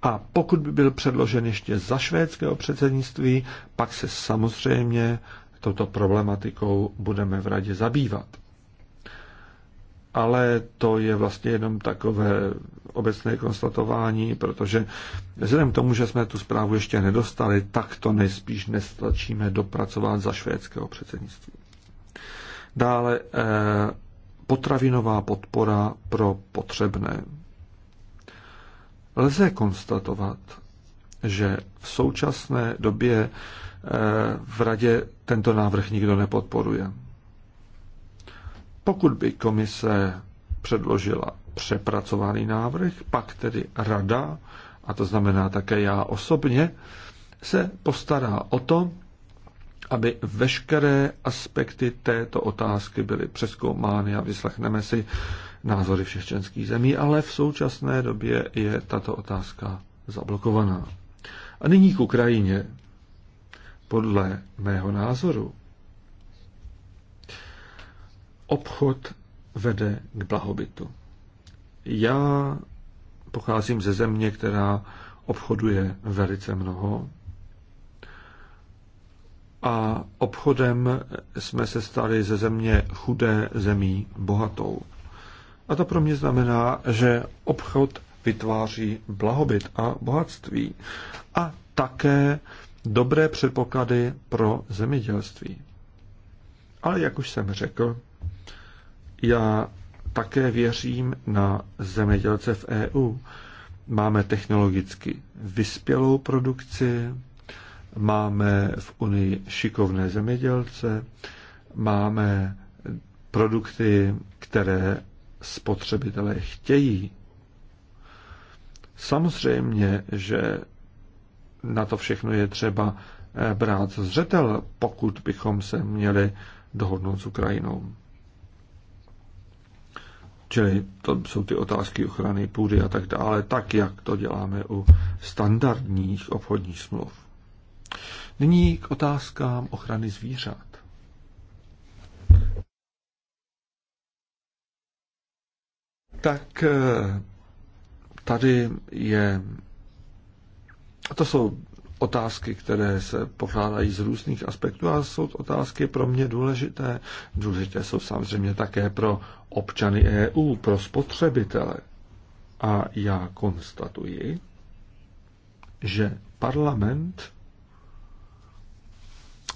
a pokud by byl předložen ještě za švédského předsednictví, pak se samozřejmě touto problematikou budeme v radě zabývat ale to je vlastně jenom takové obecné konstatování, protože vzhledem k tomu, že jsme tu zprávu ještě nedostali, tak to nejspíš nestačíme dopracovat za švédského předsednictví. Dále eh, potravinová podpora pro potřebné. Lze konstatovat, že v současné době eh, v radě tento návrh nikdo nepodporuje. Pokud by komise předložila přepracovaný návrh, pak tedy rada, a to znamená také já osobně, se postará o to, aby veškeré aspekty této otázky byly přeskoumány a vyslechneme si názory všech členských zemí, ale v současné době je tato otázka zablokovaná. A nyní k Ukrajině. Podle mého názoru obchod vede k blahobytu. Já pocházím ze země, která obchoduje velice mnoho. A obchodem jsme se stali ze země chudé zemí bohatou. A to pro mě znamená, že obchod vytváří blahobyt a bohatství a také dobré předpoklady pro zemědělství. Ale jak už jsem řekl, já také věřím na zemědělce v EU. Máme technologicky vyspělou produkci, máme v Unii šikovné zemědělce, máme produkty, které spotřebitelé chtějí. Samozřejmě, že na to všechno je třeba eh, brát zřetel, pokud bychom se měli dohodnout s Ukrajinou. Čili to jsou ty otázky ochrany půdy a tak dále, tak jak to děláme u standardních obchodních smluv. Nyní k otázkám ochrany zvířat. Tak eh, tady je, to jsou otázky, které se pokládají z různých aspektů a jsou to otázky pro mě důležité. Důležité jsou samozřejmě také pro občany EU, pro spotřebitele. A já konstatuji, že parlament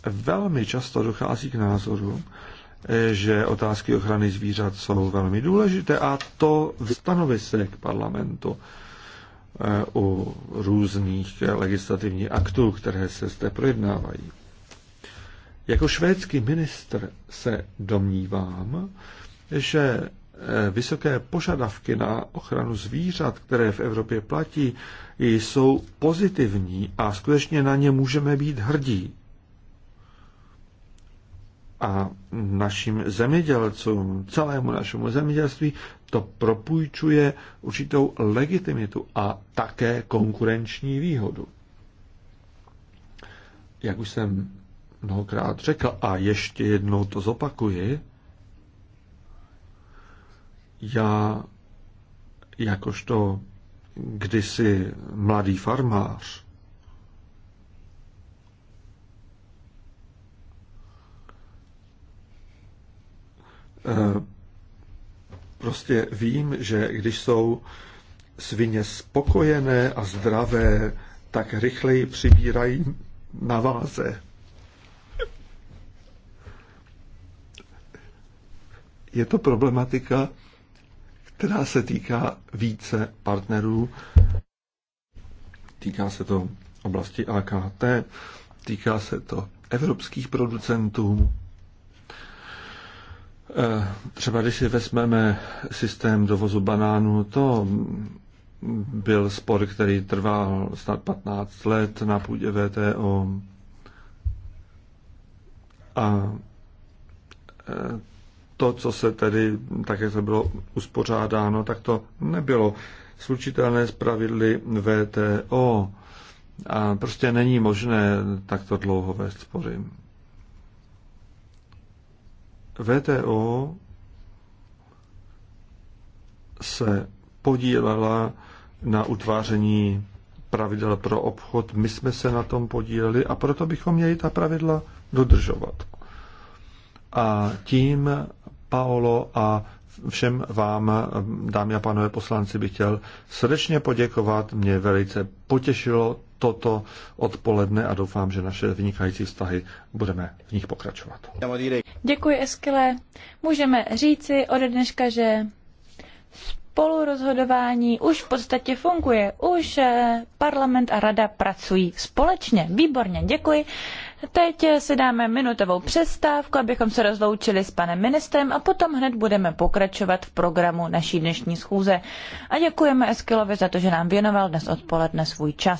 velmi často dochází k názoru, že otázky ochrany zvířat jsou velmi důležité a to stanovisek parlamentu. Eh, u různých legislativních aktů, které se zde projednávají. Jako švédský ministr se domnívám, že eh, vysoké požadavky na ochranu zvířat, které v Evropě platí, jsou pozitivní a skutečně na ně můžeme být hrdí a našim zemědělcům, celému našemu zemědělství, to propůjčuje určitou legitimitu a také konkurenční výhodu. Jak už jsem mnohokrát řekl a ještě jednou to zopakuji, já jakožto kdysi mladý farmář Eh, prostě vím, že když jsou svině spokojené a zdravé, tak rychleji přibírají na váze. Je to problematika, která se týká více partnerů. Týká se to oblasti AKT, týká se to evropských producentů, Eh, třeba když si vezmeme systém dovozu banánů, to byl spor, který trval snad 15 let na půdě VTO. A eh, to, co se tedy, tak jak to bylo uspořádáno, tak to nebylo slučitelné s pravidly VTO. A prostě není možné takto dlouho vést spory. VTO se podílela na utváření pravidel pro obchod. My jsme se na tom podíleli a proto bychom měli ta pravidla dodržovat. A tím, Paolo, a všem vám, dámy a pánové poslanci, bych chtěl srdečně poděkovat. Mě velice potěšilo toto odpoledne a doufám, že naše vynikající vztahy budeme v nich pokračovat. Děkuji, Eskile. Můžeme říci ode dneška, že spolurozhodování už v podstatě funguje. Už eh, parlament a rada pracují společně. Výborně, děkuji. Teď eh, si dáme minutovou přestávku, abychom se rozloučili s panem ministrem a potom hned budeme pokračovat v programu naší dnešní schůze. A děkujeme Eskilovi za to, že nám věnoval dnes odpoledne svůj čas.